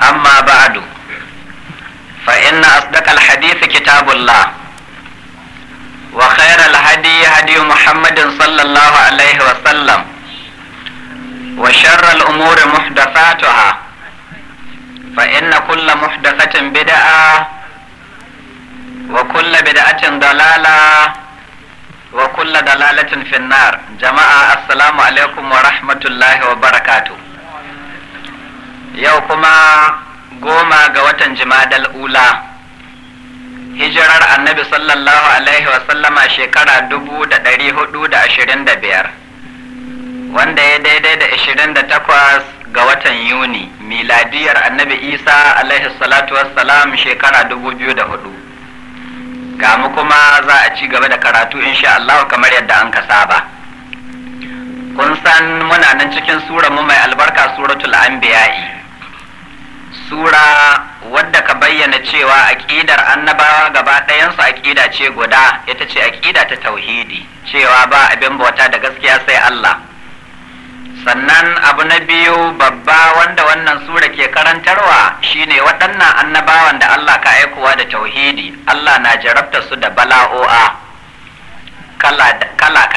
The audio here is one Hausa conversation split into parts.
أما بعد فإن أصدق الحديث كتاب الله وخير الهدي هدي محمد صلى الله عليه وسلم وشر الأمور محدثاتها فإن كل محدثة بدعة وكل بدعة ضلالة وكل ضلالة في النار جماعة السلام عليكم ورحمة الله وبركاته yau kuma goma ga watan jimadal ula hijirar annabi sallallahu alaihi wasallama shekara dubu da ɗari hudu da ashirin da biyar wanda ya daidai da ashirin da takwas ga watan yuni miladiyar annabi isa alaihi salatu wassalam shekara dubu biyu da hudu ga mu kuma za a ci gaba da karatu insha Allah kamar yadda an ka saba kun san muna nan cikin sura mai albarka suratul anbiya'i sura wadda ka bayyana cewa aƙidar annabawa gaba ɗayansu aƙida ce guda ita ce aƙida ta tauhidi cewa ba abin bauta da gaskiya sai Allah sannan abu na biyu babba wanda wannan sura ke karantarwa shine waɗannan annabawan da Allah ka aikowa da tauhidi Allah na jarabta su da bala'o'a kala-kala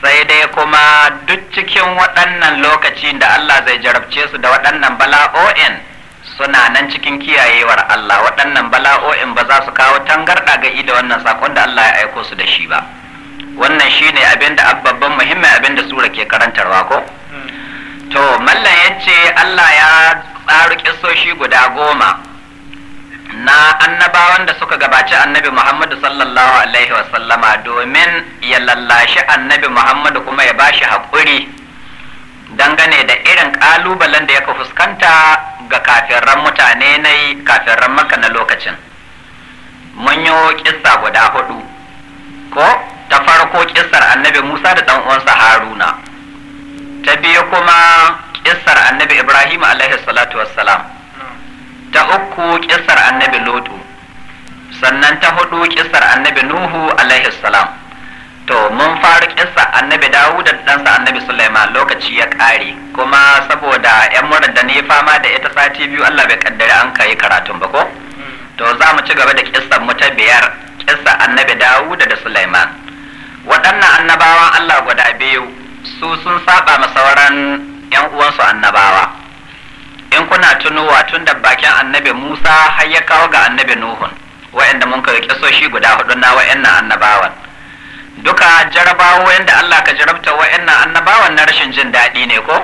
sai dai kuma duk cikin waɗannan lokacin da Allah zai jarabce su da waɗannan bala'o'in suna nan cikin kiyayewar Allah waɗannan bala'o'in ba za su kawo tangarɗa ga da wannan sakon da Allah ya aiko su da shi ba wannan shine abin da babban muhimmin abin da sura ke karantarwa ko hmm. to mallan yace Allah ya tsaro ƙisoshi guda goma na annabawan da suka gabaci annabi Muhammadu sallallahu alaihi wasallama domin ya lallashi annabi Muhammadu kuma ya bashi haƙuri dangane da irin ƙalubalen da yaka fuskanta ga kafirran mutane na kafirran maka na lokacin mun yi kissa guda hudu ko ta farko kissar annabi Musa da ɗan Haruna ta biyu kuma kissar annabi Ibrahim alaihi salatu wassalam ta uku kisar annabi lutu sannan ta hudu kisar annabi nuhu alaihi salam to mun fara kisa annabi dawud da ɗansa annabi sulaiman lokaci ya ƙare kuma saboda yan murar da ne fama da ita sati biyu allah bai kaddare an kai karatun ba ko to za mu ci gaba da kisar mu ta biyar kisar annabi Dawuda da sulaiman waɗannan annabawan allah guda biyu su sun saba ma sauran yan uwansu annabawa in kuna tunowa tun da bakin annabi Musa har ya kawo ga annabi Nuhun wa'anda mun ka shi guda hudu na wa'annan annabawan duka jarabawo yanda Allah ka jarabta wa'annan annabawan na rashin jin daɗi ne ko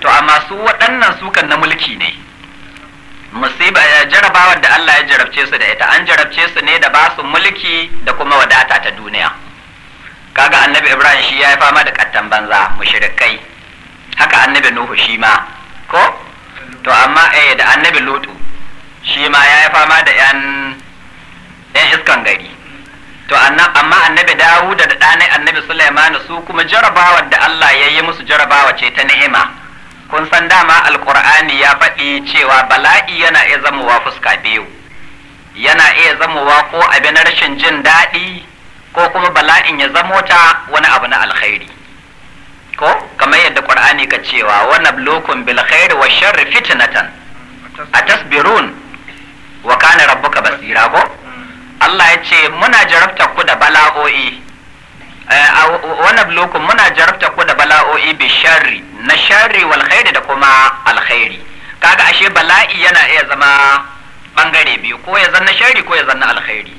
to amma su waɗannan sukan na mulki ne musiba eh, jarabawar da Allah ya jarabce su da ita an jarabce su ne da basu mulki da kuma wadata ta duniya kaga annabi Ibrahim shi ya yi fama da kattan banza mushrikai haka annabi Nuhu shi ma ko to amma eh da annabi lutu shi ma ya yi fama da yan iskan gari to amma annabi Dawud da ɗanai annabi suleiman su kuma jarabawar da allah ya yi musu jarabawa ce ta ni'ima kun san dama alkur'ani ya faɗi cewa bala'i yana iya zamowa fuska biyu yana iya zamowa ko abin rashin jin daɗi ko kuma bala'in ya zamo ta wani abu na alkhairi ko kamar yadda qur'ani ka cewa wa nablukum bil khair wa sharri fitnatan atasbirun wa kana rabbuka basira ko Allah ya ce muna jarabta ku da bala'o'i eh, wa nablukum muna jarabta ku da bala'o'i bi sharri na sharri wal khair da kuma alkhairi kaga ashe bala'i yana iya zama bangare biyu ko ya zanna sharri ko ya zanna alkhairi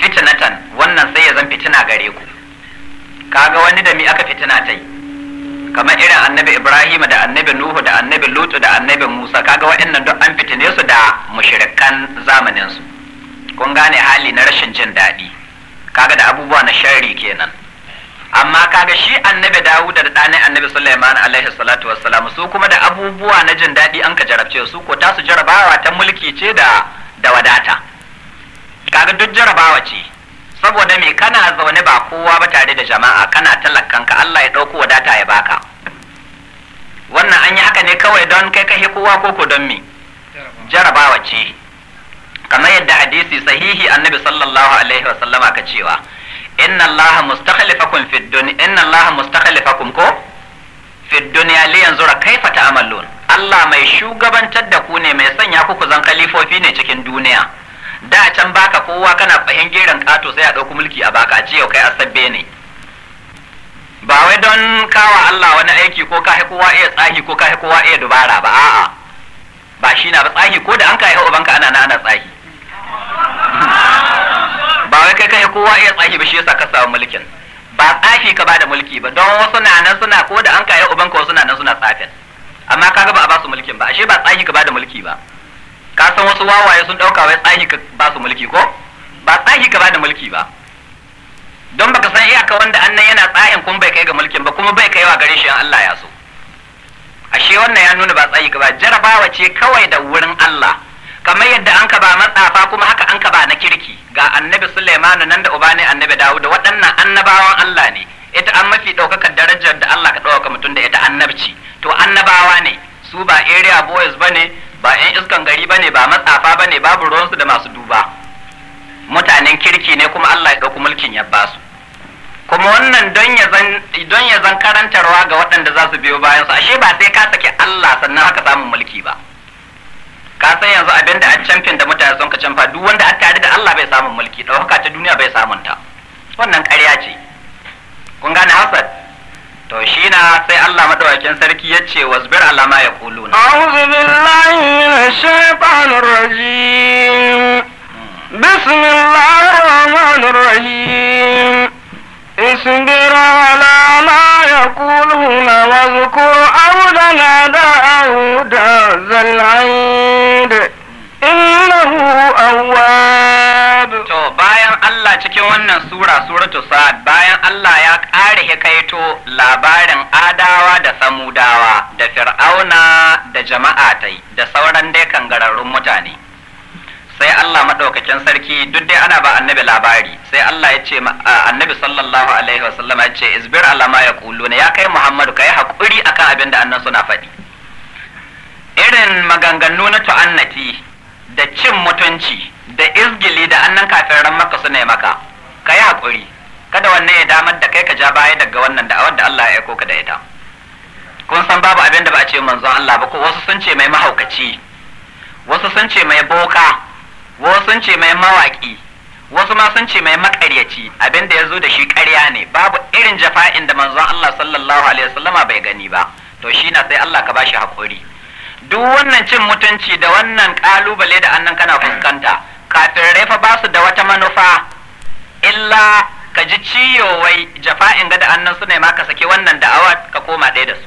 fitnatan wannan sai ya zan fitina gare ku kaga wani da mi aka fitina ta yi kamar irin annabi ibrahim da annabi nuhu da annabi lutu da annabi musa kaga waɗannan duk an fitine su da mushrikan zamaninsu? su kun gane hali na rashin jin daɗi kaga da abubuwa na sharri kenan amma kaga shi annabi dawud da ɗanin annabi sulaiman alaihi salatu wassalam su kuma da abubuwa na jin daɗi an ka jarabce su ko su jarabawa ta mulki ce da da wadata kaga duk jarabawa ce saboda me kana zaune ba kowa ba tare da jama'a kana talakanka Allah ya ɗauko wadata ya baka wannan an yi haka ne kawai don kai kashe kowa ko ko don me jarabawa ce kamar yadda hadisi sahihi annabi sallallahu alaihi wa sallama ka cewa inna Allah mustakhlifakum fid dunya inna Allah mustakhlifakum ko fid dunya li yanzura kaifa ta'malun Allah mai shugabantar da ku ne mai sanya ku ku zan kalifofi ne cikin duniya da can baka kowa kana fahin gerin kato sai a ɗauki mulki a baka ce yau kai asabbe ne ba wai don kawa Allah wani aiki ko ka kowa iya tsahi ko ka kowa iya dubara ba a'a ba shi na ba tsahi ko da an kai ubanka ana nana tsahi ba wai kai kai kowa iya tsahi ba shi yasa ka samu mulkin ba tsafi ka bada mulki ba don wasu na nan suna ko da an kai ubanka wasu na nan suna tsafin amma kaga ba a ba su mulkin ba ashe ba tsafi ka bada mulki ba ka san wasu wawaye sun dauka wai tsahi ka ba su mulki ko ba tsahi ka ba da mulki ba don baka san iyaka wanda annan yana tsahin kuma bai kai ga mulkin ba kuma bai kaiwa gare shi Allah ya so ashe wannan ya nuna ba tsahi ka ba jarabawa ce kawai da wurin Allah kamar yadda an ka ba matsafa kuma haka an ka ba na kirki ga annabi Sulaiman nan da ubani annabi Dawud da waɗannan annabawan Allah ne ita an mafi ɗaukakar darajar da Allah ka ɗaukaka mutum da ita annabci to annabawa ne su ba area boys bane ba yan iskan gari ba ne ba matsafa ba ne babu ruwansu da masu duba mutanen kirki ne kuma Allah ya ɗauki mulkin ya ba su kuma wannan don ya zan karantarwa ga waɗanda za su biyo bayansu, ashe ba sai ka saki Allah sannan haka samun mulki ba ka san yanzu abinda a camfin da mutane sun ka camfa duk wanda a tare da Allah bai samun mulki ɗaukaka ta duniya bai samunta wannan ƙarya ce kun gane hasad to shi na sai Allah madawakin sarki ya ce wa zubar alama ya kuluna a'udhu billahi minash shaitanir rajim hmm. bismillahir rahmanir rahim اصبر على ما يقولون واذكر عبدنا داود ذا العيد Allah cikin wannan sura suratu sa'ad bayan Allah ya ƙare hikaito labarin adawa da samudawa da fir'auna da jama'a yi, da sauran dai kangararrun mutane sai Allah maɗaukakin sarki duk dai ana ba annabi labari sai Allah ya ce annabi sallallahu alaihi wasallama ya ce isbir alama ya kuluna ya kai Muhammadu ka yi haƙuri akan abin da annan suna faɗi irin maganganu na tu'annati da cin mutunci da izgili da annan kafin ran maka su ne maka ka yi haƙuri kada wannan ya damar da kai ka ja baya daga wannan da'awar da Allah ya aiko ka da ita kun san babu abin da ba a ce manzon Allah ba ko wasu sun ce mai mahaukaci wasu sun ce mai boka wasu sun ce mai mawaki wasu ma sun ce mai makaryaci abin da ya zo da shi ƙarya ne babu irin jafa'in da manzon Allah sallallahu alaihi wasallama bai gani ba to shi na sai Allah ka bashi hakuri. duk wannan cin mutunci da wannan ƙalubale da annan kana fuskanta kafirai fa ba su da wata manufa illa ka ji ciyowai jafa'in ga da annan su ne ma ka sake wannan da'awa ka koma ɗaya da su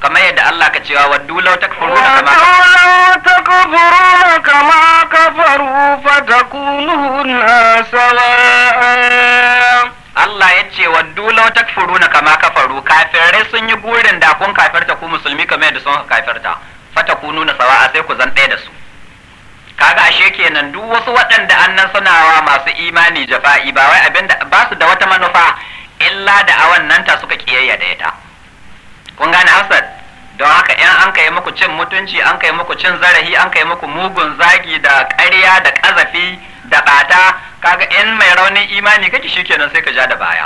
kamar yadda Allah ka cewa waddu law na kama waddu na kama kafaru fatakununa sawa'a Allah ya ce ta law na kama kafaru kafirai sun yi gurin da kun kafirta ku musulmi kamar yadda sun kafirta sawa a sai ku zan ɗaya da su kaga ashe kenan duk wasu waɗanda suna wa masu imani jafa'i ba wai abinda ba su da wata manufa illa da a wannan ta suka kiyayya da ita kun gane hasad don haka in an kai muku cin mutunci an kai muku cin zarafi an kai muku mugun zagi da ƙarya da ƙazafi da ɓata kaga in mai raunin imani kake shikenan sai ka ja da baya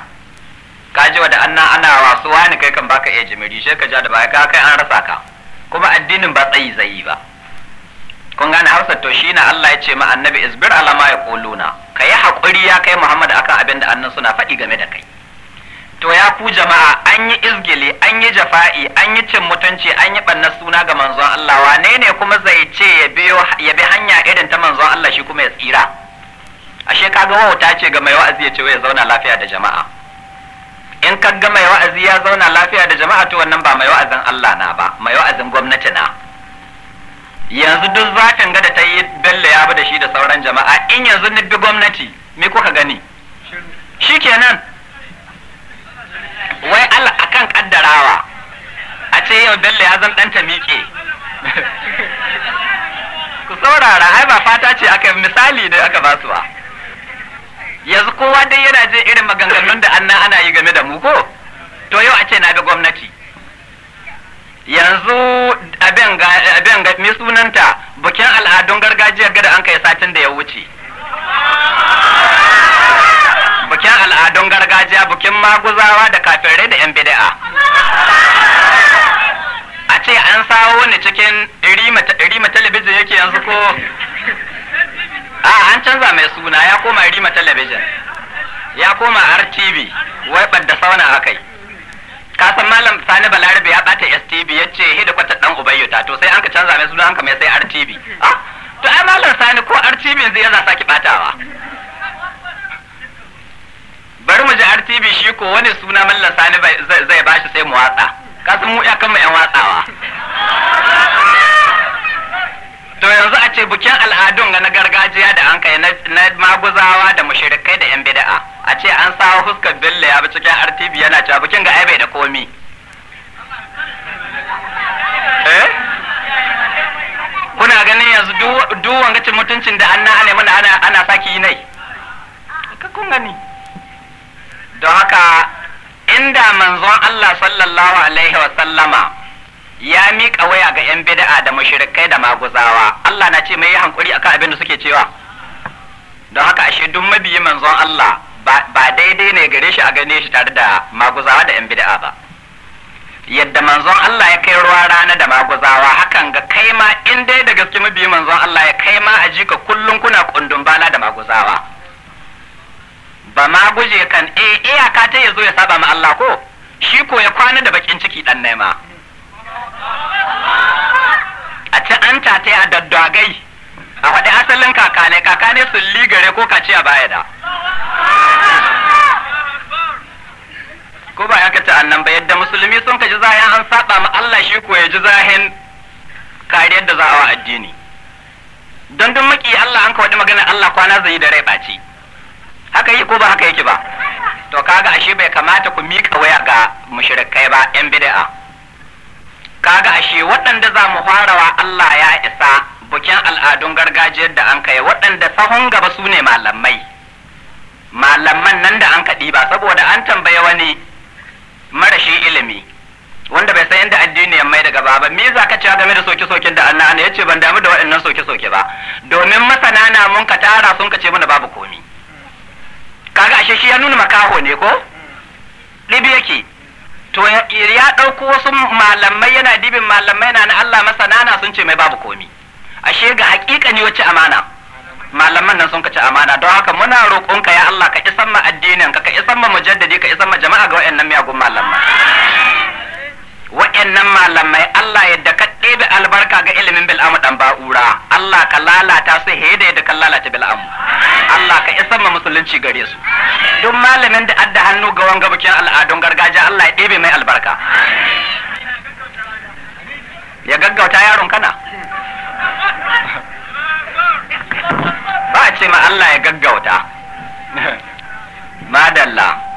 ka ji wa da annan ana wasuwa ne kai kan baka iya jimiri sai ka ja da baya ka kai an rasa ka kuma addinin ba tsayi zai ba kun gane Hausa to shi na Allah ya ce ma annabi isbir alama ya koluna ka yi haƙuri ya kai Muhammad akan abin da annan suna faɗi game da kai to ya ku jama'a an yi izgili an yi jafa'i an yi cin mutunci an yi ɓanna suna ga manzon Allah wane ne kuma zai ce ya bi hanya irin ta manzon Allah shi kuma ya tsira ashe ka ga wauta ce ga mai wa'azi ya ce ya zauna lafiya da jama'a in ka ga mai wa'azi ya zauna lafiya da jama'a to wannan ba mai wa'azin Allah na ba mai wa'azin gwamnati na yanzu duk zatin ga da ta yi bello ya ba da shi da sauran jama'a in yanzu ni bi gwamnati me kuka gani Shi kenan wai Allah kan kaddarawa a ce yau bello ya zan danta miƙe ku saurara ai ba fata ce aka misali da aka basu yanzu kowa dai yana je irin maganganun da anna ana yi game da mu ko to yau a ce na bi gwamnati yanzu abin ga mai sunanta bikin al'adun gargajiyar gada an kai satin da ya wuce bikin al'adun gargajiya bikin maguzawa da kafirai da 'yan bida'a a ce an sawo ni cikin rima talabijin yake yanzu ko a an canza mai suna ya koma rima talabijin ya koma rtv wai da sauna akai. Ka san malam sani balarabe ya bata stb ya ce hida kwata dan ubayyuta to sai an ka canza mai suna an ka mai sai rtb ah, to ai malam sani ko rtb yanzu yana saki batawa bari mu ji rtb shi ko wani suna mallan sani zai bashi sai mu watsa Ka san mu kan mu yan watsawa to yanzu a ce bikin al'adun na gargajiya da an kai na maguzawa da mashirikai da yan bida'a a ce an sawa huskar billa ya bi cikin rtb yana cewa bikin ga aibe da komi eh? kuna ganin yanzu duk wanga cin mutuncin da anna ana mana ana ana yi nai ka gani don haka inda manzon Allah sallallahu alaihi wa sallama ya miƙa waya ga 'yan bida'a da mashirikai da maguzawa Allah na ce mai yi hankuri akan abin da suke cewa don haka ashe duk mabiyi manzon Allah ba daidai ne gare shi a gane shi tare da maguzawa da 'yan bida'a ba yadda manzon Allah ya kai ruwa rana da maguzawa hakan ga kai ma in dai da gaske mabiyi manzon Allah ya kai ma a jika kullum kuna kundun bala da maguzawa ba ma guje kan eh iyaka ta yazo ya saba ma Allah ko shi ko ya kwana da bakin ciki dan nema a ce an tate a daddagai a faɗi asalin kakane kakane sun ligare ko kace a baya da ko ba ya kace annan ba yadda musulmi sun kaji zahin an saba ma Allah shi ko ya ji zahin kariyar da za a wa addini don duk maki Allah an kawaɗi magana Allah kwana zai da rai ɓaci haka yi ko ba haka yake ba to kaga ashe bai kamata ku miƙa waya ga mushrikai ba yan bida'a. kaga ashe waɗanda za mu farawa Allah ya isa bukin al'adun gargajiyar da an kai waɗanda sahun gaba su ne malamai malaman nan da an kaɗi ba saboda an tambaye wani marashi ilimi wanda bai san yadda addini ya mai daga ba ba me za ka cewa game da soke soke da Allah ya yace ban damu da waɗannan soke-soke ba domin masana na mun ka tara sun ka ce mana babu komi kaga ashe shi ya nuna makaho ne ko libi yake to ya ɗauko wasu malamai yana dibin malamai na na Allah masana na sun ce mai babu komi ashe ga hakika ne wacce amana malaman nan sun ka ci amana don haka muna roƙonka ya Allah ka isan ma addinin ka ka isan ma mujaddadi ka isan ma jama'a ga wayannan miyagun malamai waɗannan malamai Allah yadda ka ɗebe albarka ga ilimin bil'amu ɗan ba'ura Allah ka lalata su heda yadda ka lalata bil'amu Allah ka isa ma musulunci gare su duk malamin da adda hannu ga wanga bikin al'adun gargajiya Allah ya ɗebe mai albarka ya gaggauta yaron kana ba a ce ma Allah ya gaggauta madalla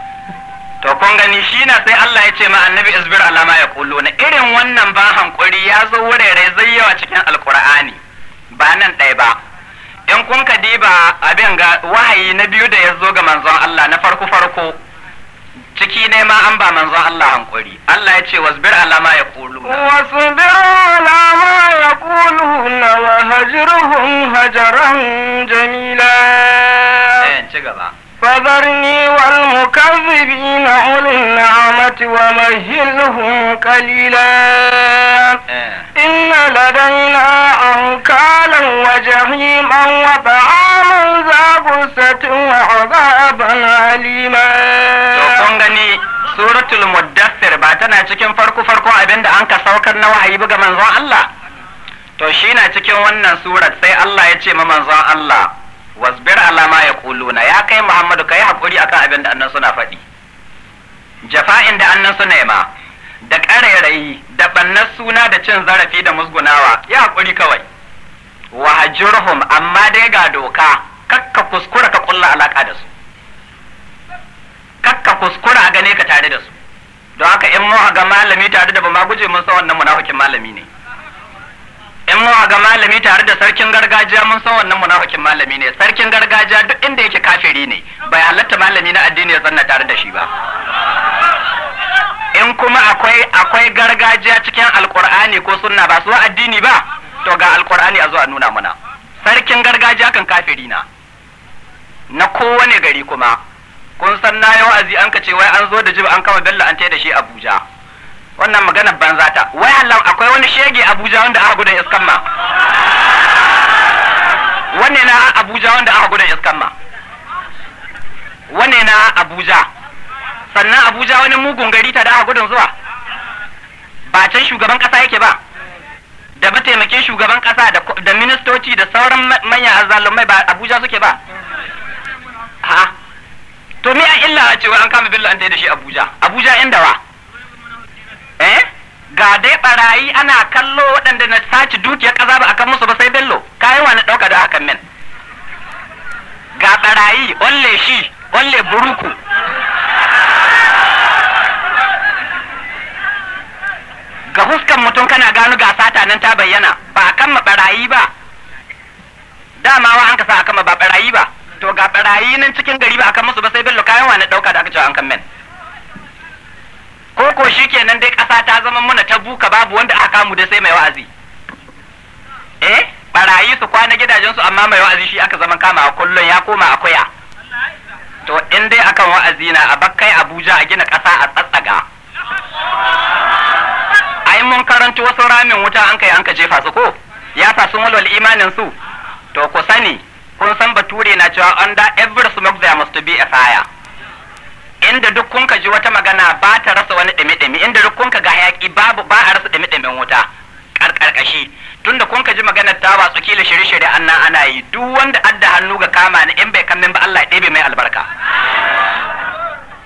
to kun gani shi na sai Allah ya ce ma annabi isbir alama ya na irin wannan ba hankuri ya zo wurare zai yawa cikin alkur'ani ba nan ɗaya ba in kun ka diba abin ga wahayi na biyu da ya zo ga manzon Allah na farko farko ciki ne ma an ba manzon Allah hankuri Allah ya ce wasbir alama ya kulu wasbir alama ya kulu na wa hajruhum hajaran jamila eh, ci gaba فذرني والمكذبين أولي النعمة ومهلهم قليلا إن لدينا أنكالا وجحيما وطعاما ذا غصة وعذابا أليما suratul muddassir ba tana cikin farko farko abinda an ka saukar na wahayi ga manzon Allah to shi na cikin wannan surat sai Allah ya ce ma manzon Allah wasbir ala ma kuluna ya kai muhammadu ka kai hakuri akan abin da annan suna faɗi jafa'in da annan suna ma da ƙarairayi da ɓannar suna da cin zarafi da musgunawa ya hakuri kawai wa hajurhum amma dai ga doka kakka kuskura ka kulla alaƙa da su kakka kuskura a gane ka tare da su don haka in mun ga malami tare da ba ma guje mun sa wannan munafikin malami ne in ma ga malami tare da sarkin gargajiya mun san wannan munafikin malami ne sarkin gargajiya duk inda yake kafiri ne bai halatta malami na addini ya zanna tare da shi ba in kuma akwai akwai gargajiya cikin alkur'ani ko sunna ba su addini ba to ga alkur'ani a zuwa nuna mana sarkin gargajiya kan kafiri na na kowane gari kuma kun san na yau azi an ka ce wai an zo da jib an kama bello an tai da shi abuja wannan magana banza ta wai Allah akwai wani shege Abuja wanda aka gudan iskan ma wanne na Abuja wanda aka gudan iskan ma wanne na Abuja sannan Abuja wani mugun gari ta da aka gudan zuwa ba can shugaban kasa yake ba da mataimakin shugaban kasa da ministoci da sauran manyan azalumai ba Abuja suke ba ha to me a illa a cewa an kama billa an da shi Abuja Abuja inda wa. ga dai barayi ana kallo waɗanda na sace dukiya ƙasa ba a kan musu ba sai bello kayan wani ɗauka da hakan men ga barayi olle shi olle buruku ga huskan mutum kana gano ga sata nan ta bayyana ba a kan barayi ba dama wa an kasa a kama ba barayi ba to ga barayi nan cikin gari ba a kan musu ba sai bello kayan wani ɗauka da aka cewa an kan men ko ko shikenan dai ƙasa ta zama muna ta buka babu wanda aka kamu da sai mai wa'azi eh barayi su kwana gidajen su amma mai wa'azi shi aka zama kama a kullum ya koma a koya. to in dai akan wa'azi na a bakkai Abuja a gina ƙasa a tsatsaga ai mun karanta wasu ramin wuta an kai an ka jefa su ko ya sa sun walwal imanin su to ku sani kun san bature na cewa under every smoke there must be a fire inda duk kun ji wata magana ba ta rasa wani ɗame-ɗame inda duk kun ga hayaki babu ba a rasa ɗame ɗumin wuta karkarkashi tunda kun ji maganar ta watsu kila shirye-shirye an nan ana yi duk wanda adda hannu ga kama ni in bai kamin ba Allah ya ɗebe mai albarka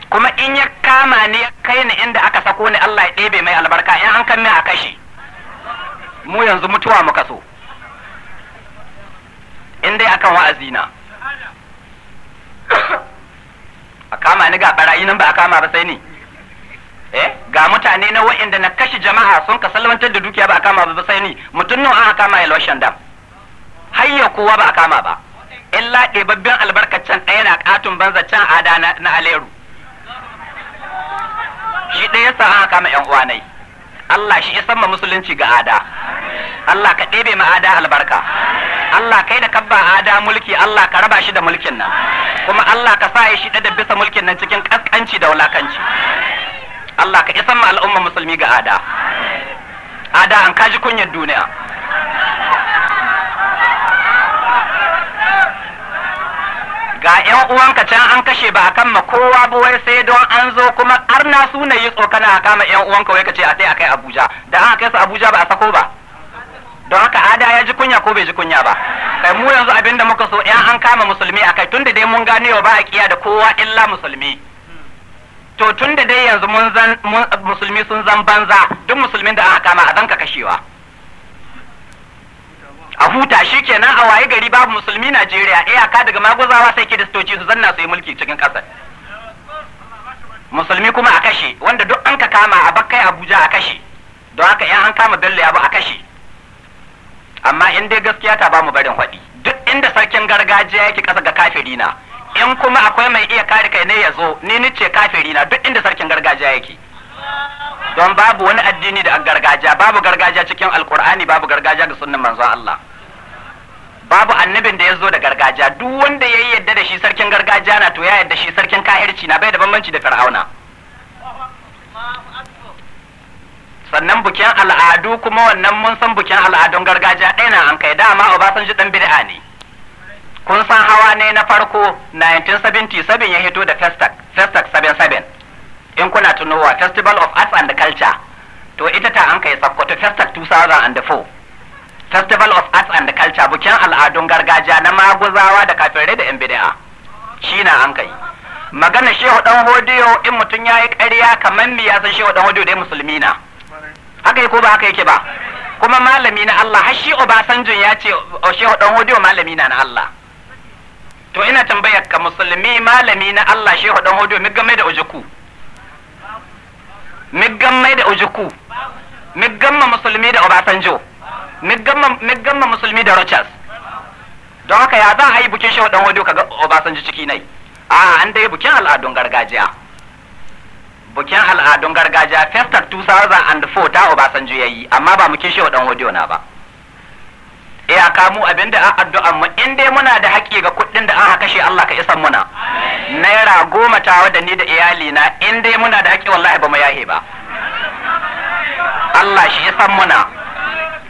kuma in ya kama ni ya kai ni inda aka sako ni Allah ya ɗebe mai albarka in an kamin a kashi mu yanzu mutuwa mu kaso, in dai akan wa'azi na a kama ni ga barayi nan ba a kama ba sai ni eh ga mutane na wa'inda na kashe jama'a sun ka salwantar da dukiya ba a kama ba sai ni mutum nawa an kama ya loshan dam hayya kowa ba a kama ba illa ɗebabben albarkacin ɗaya na katun banza can ada na aleru shi ɗaya sa an kama yan nai Allah shi isan ma musulunci ga ada Allah ka ɗebe ma ada albarka Allah kai da kabba ada mulki Allah ka raba shi da mulkin nan kuma Allah ka sa shi da bisa mulkin nan cikin ƙasƙanci da wulakanci Allah ka isan ma al'umma musulmi ga ada ada an kaji kunyar duniya ga yan uwanka can an kashe ba a kan ma kowa ba wai sai don an zo kuma arna suna yi tsokana a kama yan uwanka wai kace a sai a kai Abuja da an kai su Abuja ba a sako ba don haka ada ya ji kunya ko bai ji kunya ba kai mu yanzu abin da muka so yan an kama musulmi a kai tun da dai mun gane wa ba a kiya da kowa illa musulmi to tun da dai yanzu musulmi sun zan banza duk musulmin da aka kama a zanka kashewa a huta shi kenan a waye gari babu musulmi Najeriya iyaka daga maguzawa sai kiristoci su zanna su yi mulki cikin ƙasar musulmi kuma a kashe wanda duk an ka kama a bakkai Abuja a kashe don haka yan an kama Bello ya ba a kashe amma in dai gaskiya ta bamu barin faɗi duk inda sarkin gargajiya yake ƙasa ga kafiri na in kuma akwai mai iya kare kai ne ya zo ni ni ce kafiri na duk inda sarkin gargajiya yake don babu wani addini da gargajiya babu gargajiya cikin alkur'ani babu gargajiya ga sunnan manzon Allah babu annabin da ya zo da gargajiya duk wanda ya yi yadda da shi sarkin gargajiya na to ya yadda shi sarkin kahirci na bai da bambanci da fir'auna sannan bukin al'adu kuma wannan mun san bukin al'adun gargajiya ɗaya na an kai dama obasanji ɗan bid'a ne kun san hawa ne na farko 1977 ya hito da festac festac 77 in kuna tunowa festival of arts and culture to ita ta an kai sakkwato festac 2004 festival of arts and culture bukin al'adun gargajiya na maguzawa da kafirai da yan bid'a shi na an kai magana shehu dan hodiyo in mutum ya yi ƙarya kamar mi ya san shehu dan hodiyo dai musulmi na haka ko ba haka yake ba kuma malami na Allah har shi Obasanjo ya ce o shehu dan hodiyo malami na na Allah to ina tambayar ka musulmi malami na Allah shehu dan hodiyo mi game da ujuku mi game da ujuku mi game musulmi da Obasanjo miggamma musulmi da Rochas don haka ya za a yi bukin shi dan wado kaga obasanji ciki nai a an dai bukin al'adun gargajiya bukin al'adun gargajiya festar 2004 ta ya yi amma ba mukin shi dan wado na ba ya kamu abin da an addu'an mu in dai muna da haƙi ga kuɗin da an kashe Allah ka isan muna naira goma tawa da ni da iyali na in dai muna da haƙi wallahi ba mu yahe ba Allah shi isan muna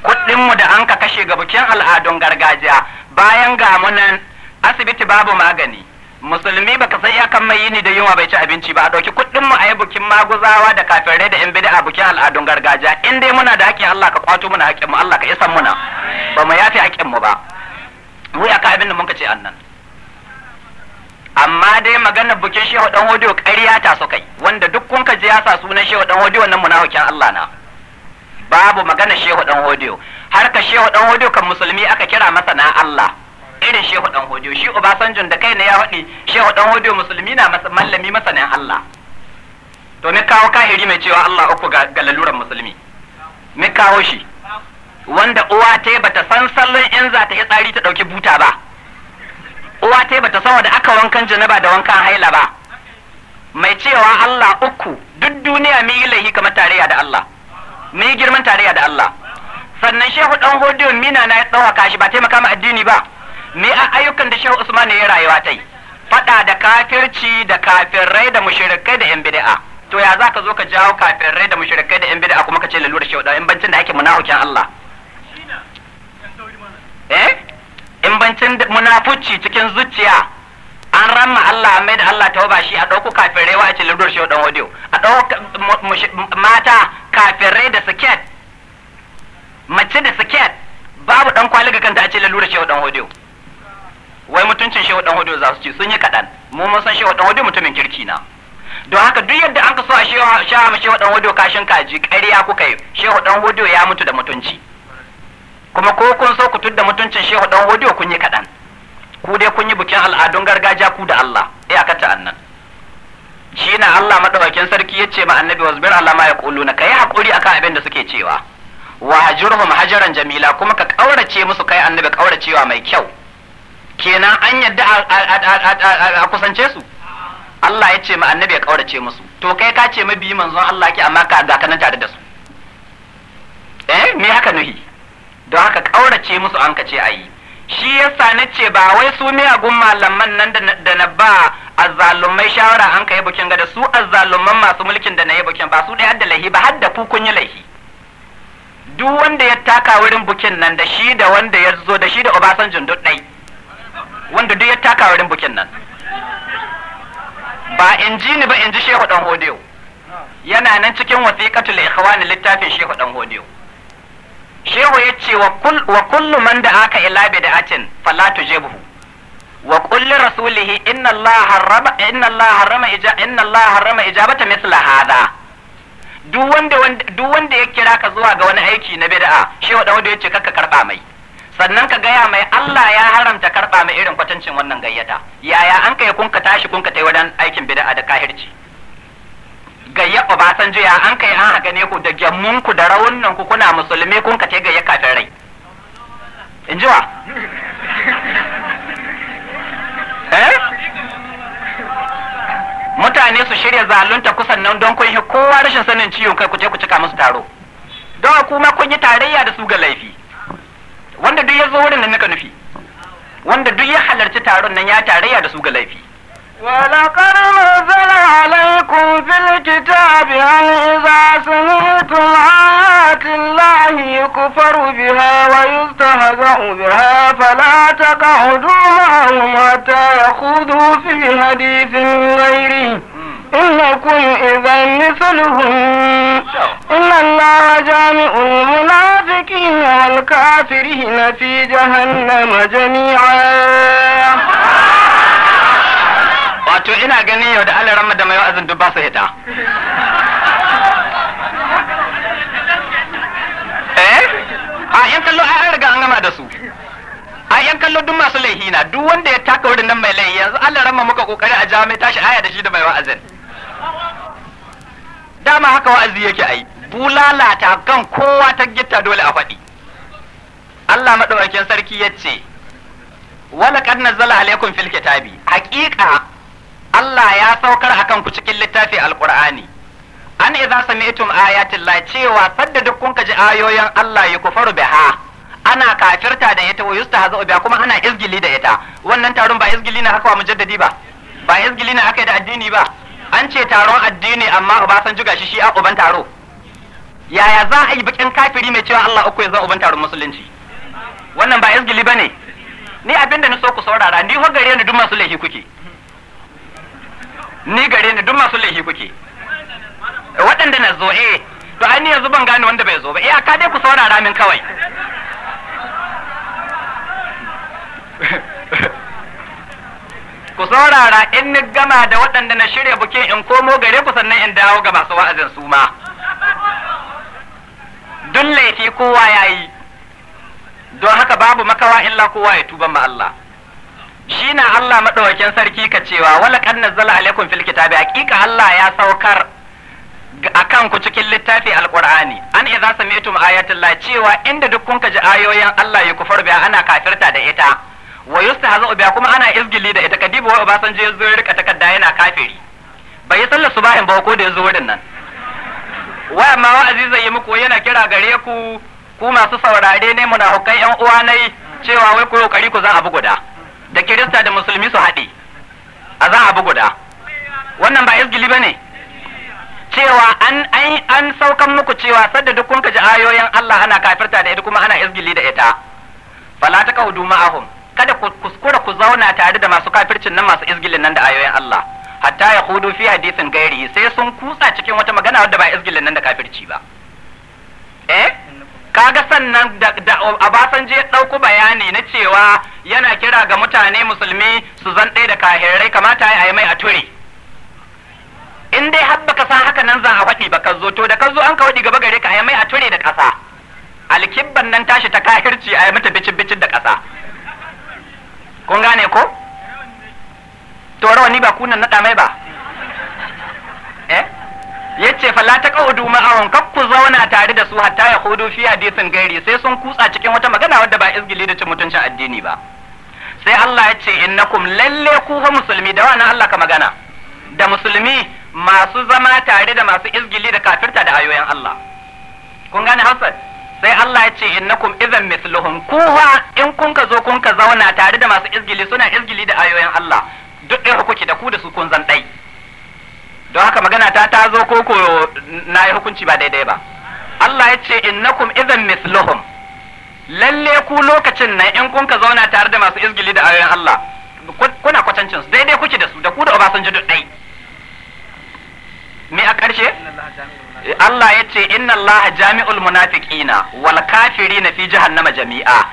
kuɗinmu da an ka kashe ga bikin al'adun gargajiya bayan ga munan asibiti babu magani musulmi baka san ya kan mai ni da yunwa bai ci abinci ba a ɗauki kudinmu a yi bukin maguzawa da kafirai da yan bid'a bukin al'adun gargajiya in dai muna da haƙƙin Allah ka kwato muna haƙƙin mu Allah ka isan muna ba mu yafi haƙƙin mu ba mu ya ka abin da muka ce annan amma dai maganar bukin shehu dan hodiyo ƙarya ta su kai wanda duk kun ka ji ya sa sunan shehu dan hodiyo nan munafikin Allah na babu magana shehu dan hodiyo har ka shehu dan hodiyo kan musulmi aka kira masa na Allah irin shehu dan hodiyo shi Obasanjo da kai ne ya faɗi shehu dan hodiyo musulmi na mallami na Allah to me kawo kahiri mai cewa Allah uku ga laluran musulmi me kawo shi wanda uwa ta bata san sallan in za ta yi tsari ta dauki buta ba uwa ta bata san wanda aka wankan janaba da wankan haila ba mai cewa Allah uku duk duniya mai ilahi kamar tarayya me yi girman tarayya da Allah sannan shehu dan hodiyon mina na ya ɗauka shi ba taimaka ma addini ba me a ayyukan da shehu usman ya rayuwa ta yi faɗa da kafirci da kafirai da mushrikai da yan bid'a to ya za ka zo ka jawo kafirai da mushrikai da yan bid'a kuma ka ce lalura shehu dan bancin da ake munafukin Allah eh in bancin munafuci cikin zuciya an ramma Allah mai da Allah tauba shi a ɗauku kafirai wa a ce lardur shi dan wadiyo a ɗauku mata kafirai da suket mace da suket babu ɗan kwali kanta a ce lardur shi dan wadiyo wai mutuncin shi dan wadiyo za su ci sun yi kaɗan mu mun san shi dan wadiyo mutumin kirki na don haka duk yadda an ka so a ma shi dan wadiyo kashin kaji ƙarya kuka yi shi dan wadiyo ya mutu da mutunci kuma ko kun so ku tudda mutuncin shi dan wadiyo kun yi kaɗan ku dai kun yi bikin al'adun gargajiya ku da Allah eh aka ta annan shi na Allah madawakin sarki ya ce ma annabi wasbir Allah ma na kai hakuri akan abin da suke cewa wa hajurhum hajaran jamila kuma ka kaurace musu kai annabi kauracewa mai kyau kenan an yadda a kusance su Allah ya ce ma annabi ya kaurace musu to kai ka ce mabi manzon Allah ki amma ka ga kana tare da su eh me haka nuhi don haka kaurace musu an ka ce ayi shi yasa na ce ba wai su miyagun malaman nan da na ba azzalumai shawara an kai bukin ga da su azzaluman masu mulkin da na yi bukin ba su da lahi ba da ku kun yi lahi duk wanda ya taka wurin bukin nan da shi da wanda ya zo da shi da obasanjin duk ɗai wanda duk ya taka wurin bukin nan ba in ji ni ba in ji Shehu ɗan Hodiyo yana nan cikin wasiqatul ikhwani littafin Shehu ɗan Hodiyo shehu ya ce wa kullu man da aka ila bid'atin fala tujibuhu wa kulli rasulihi inna Allah harrama inna Allah harrama ijabata misla hada duk wanda ya kira ka zuwa ga wani aiki na bid'a shehu da wanda ya ce kakka karba mai sannan ka gaya mai Allah ya haramta karba mai irin kwatancin wannan gayyata yaya an kai kun ka tashi kun ka tai wadan aikin bid'a da kahirci gayya Obasanjo ya an kai an haka ne ku da gyammun ku da nan ku kuna musulmi kun kace gayya kafin rai in ji wa eh mutane su shirya zalunta kusan nan don kun yi kowa rashin sanin ciwon kai ku je ku cika musu taro don kuma kun yi tarayya da su ga laifi wanda duk ya zo wurin nan nika nufi wanda duk ya halarci taron nan ya tarayya da su ga laifi ولقد نزل عليكم في الكتاب أن إذا سمعتم آيات الله يكفر بها ويستهزأ بها فلا تقعدوا معهم حتى يخوضوا في حديث غيره إنكم إذا مثلهم إن الله جامع المنافقين والكافرين في جهنم جميعا wato ina ganin yau da Allah ramma da mai wa'azin duk ba su hita eh a yan kallo an riga an gama da su a yan kallo duk masu laihi na duk wanda ya taka wurin nan mai laihi yanzu Allah ramma muka kokari a jami'a tashi aya da shi da mai wa'azin dama haka wa'azi yake ai bulalata kan kowa ta gitta dole a faɗi Allah maɗaukakin sarki ya ce wala kad nazzala alaikum fil kitabi haƙiƙa Allah ya saukar akan ku cikin littafi alqur'ani an idza sami'tum ayatin la cewa sadda duk kun ji ayoyin Allah ya kufaru biha ana kafirta da ita wa yustahza biha kuma ana izgili da ita wannan taron ba izgili na aka wa mujaddadi ba ba izgili na aka da addini ba an ce taron addini amma san juga shi a uban taro yaya za a yi bikin kafiri mai cewa Allah uku ya uban taron musulunci wannan ba izgili bane ni abinda na so ku saurara ni hogare ni duk masu laifi kuke ni gare ni duk masu laifi kuke waɗanda na zo eh to ai ni yanzu ban gane wanda bai zo ba eh aka dai ku saurara min kawai ku saurara in ni gama da waɗanda na shirya bukin in komo gare ku sannan in dawo ga masu wa'azin su ma duk laifi kowa yayi don haka babu makawa illa kowa ya tuba ma Allah shi na Allah maɗaukin sarki ka cewa wala kan nazzala alaikum fil kitabi hakika Allah ya saukar akan ku cikin littafi alqur'ani an idza sami'tum ayatul la cewa inda duk kun ji ayoyin Allah ya kufar biya ana kafirta da ita wa yustahzu biya kuma ana izgili da ita kadibu wa obasanjo je ya rika takarda yana kafiri bai yi sallar subahin ba ko da yazo wurin nan wa amma wa'azi zai yi muku yana kira gare ku ku masu saurare ne muna hukai yan uwa nai cewa wai ku kokari ku zan abu da. da kirista da musulmi su haɗe a za a guda wannan ba izgili ba ne cewa an an saukan muku cewa sadda duk kun ji ayoyin Allah ana kafirta da ita kuma ana izgili da ita fala ta kaudu ma'ahum kada ku kuskura ku zauna tare da masu kafircin nan masu izgilin nan da ayoyin Allah hatta ya hudu fi hadisin gairi sai sun kusa cikin wata magana wadda ba izgilin nan da kafirci ba eh kaga sannan da, da Obasanjo ya ɗauko bayani na cewa yana kira ga mutane musulmi su zan ɗaya da kahirai kamata ya yi mai a ture in dai har baka san haka nan za a faɗi baka zo to da ka zo an ka faɗi gaba gare ka yi mai a ture da ƙasa alkibban nan tashi ta kahirci a yi mata bicin bicin da ƙasa kun gane ko to rawani ba kunan naɗa mai ba yace fa la taqudu ma'ahum kak ku zauna tare da su hatta ya hudu fi hadisin gairi sai sun kutsa cikin wata magana wadda ba izgili da cin mutuncin addini ba sai Allah ya ce innakum lalle ku fa musulmi da wannan Allah ka magana da musulmi masu zama tare da masu izgili da kafirta da ayoyin Allah kun gane Hassan sai Allah ya ce innakum idan mithluhum ku in kun ka zo kun ka zauna tare da masu izgili suna izgili da ayoyin Allah duk ɗaya kuke da ku da su kun zan ɗai don haka magana ta ta zo koko na yi hukunci ba daidai ba Allah ya ce innakum idan misluhum lalle ku lokacin nan in kun ka zauna tare da masu izgili da ayoyin Allah kuna kwatancin su daidai kuke da su da ku da Obasanjo duk ɗai me a ƙarshe Allah ya ce inna Allah jami'ul munafiqina wal kafirina fi jahannama jami'a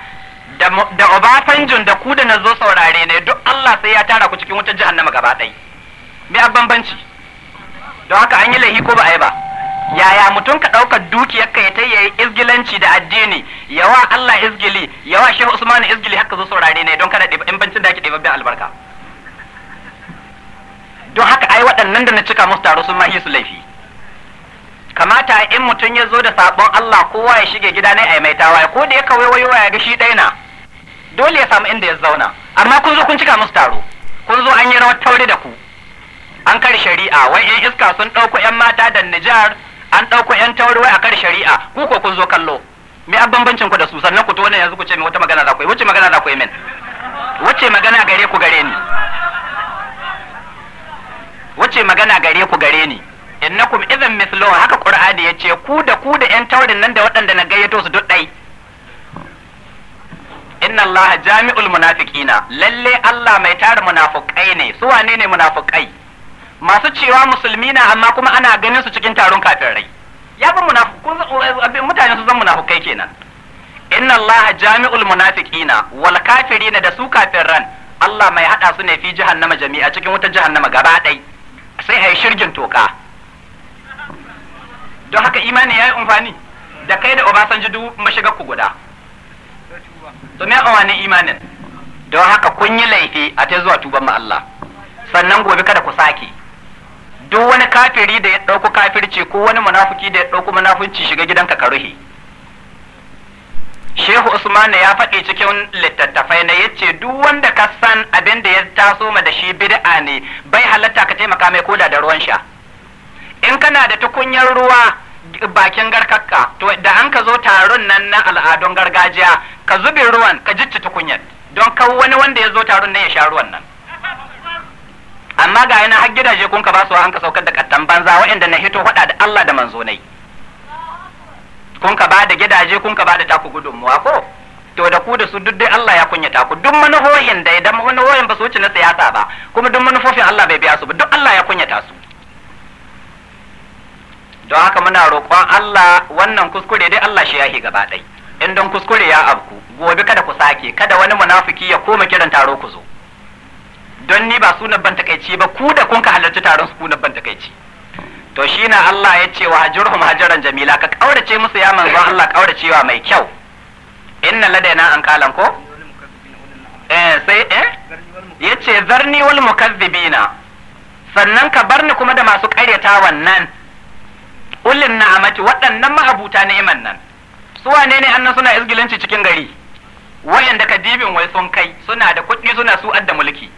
da Obasanjo da ku da nazo saurare ne duk Allah sai ya tara ku cikin wutar jahannama gaba ɗaya me a bambanci don haka an yi laihi ko ba a yi ba yaya mutum ka ɗaukar dukiyar ka ya ta yi izgilanci da addini yawa Allah izgili yawa Shehu Usman izgili haka zo saurare ne don kada in bancin da ake babban albarka don haka ai waɗannan da na cika musu taro sun mahi su laifi kamata in mutum ya zo da sabon Allah kowa ya shige gida ne yi mai tawaye ko da ya kawai wayo ya ga shi ɗaya na dole ya samu inda ya zauna amma kun zo kun cika musu taro kun zo an yi rawar taure da ku an kar shari'a wai yan iska sun ɗauko yan mata da Nijar an ɗauko yan tauri wai a kar shari'a ku ko kun zo kallo me a bambancin ku da su sannan ku to wannan yanzu ku ce min wata magana za ku yi wace magana za ku yi min wace magana gare ku gare ni wace magana gare ku gare ni innakum idan mislahu haka qur'ani yace ku da ku da yan taurin nan da waɗanda na gayyato su duk dai? inna allaha jami'ul munafiqina lalle allah mai tara munafukai ne su wane ne munafukai masu cewa musulmi na amma kuma ana ganin su cikin taron kafin rai. ya bi munafukai eh, eh, mutane su zan munafukai kenan inna Allah jami'ul munafiqina wal kafirina da su kafin ran Allah mai hada su ne fi jahannama jami'a cikin wutar jahannama gaba dai sai ai shirgin toka don haka imani yayi umfani da kai da Obasanjo duk mashigar ku guda to me wani imanin don haka kun yi laifi a ta zuwa tuban ma Allah sannan gobe kada ku sake duk wani kafiri da ya ɗauko kafirci ko wani munafuki da ya ɗauku munafunci shiga gidanka ka ruhi Shehu Usman ya faɗi cikin littattafai na yace duk wanda ka san abin da ya taso ma da shi bid'a ne bai halatta ka taimaka mai koda da ruwan sha in kana da tukunyar ruwa bakin garkakka to da an ka zo taron nan na al'adun gargajiya ka zubi ruwan ka jicci tukunyar don ka wani wanda ya zo taron nan ya sha ruwan nan amma ga yana har gidaje kun ka ba su an ka saukar da kattan banza waɗanda na hito faɗa da Allah da manzo nai kun ka ba da gidaje kun ka ba da taku gudunmuwa ko to da ku da su duk dai Allah ya kunyata ku duk manufofin da idan manufofin ba su wuce na siyasa ba kuma duk manufofin Allah bai biya su ba duk Allah ya kunyata su don haka muna roƙon Allah wannan kuskure dai Allah shi yahi gaba ɗai in don kuskure ya abku gobe kada ku sake kada wani munafiki ya koma kiran taro ku zo don ni ba sunan ban takaici ba ku da kun ka halarci taron su ban takaici to shi na Allah ya ce wa hajurhum hajaran jamila ka kaurace musu ya manzon Allah kauracewa mai kyau inna ladaina an kalan ko eh sai eh yace zarni wal mukazzibina sannan ka bar ni kuma da masu ƙaryata wannan ulin na'amati waɗannan ma'abuta iman nan su wane ne annan suna isgilanci cikin gari wayanda kadibin wai sun kai suna da kuɗi suna su adda mulki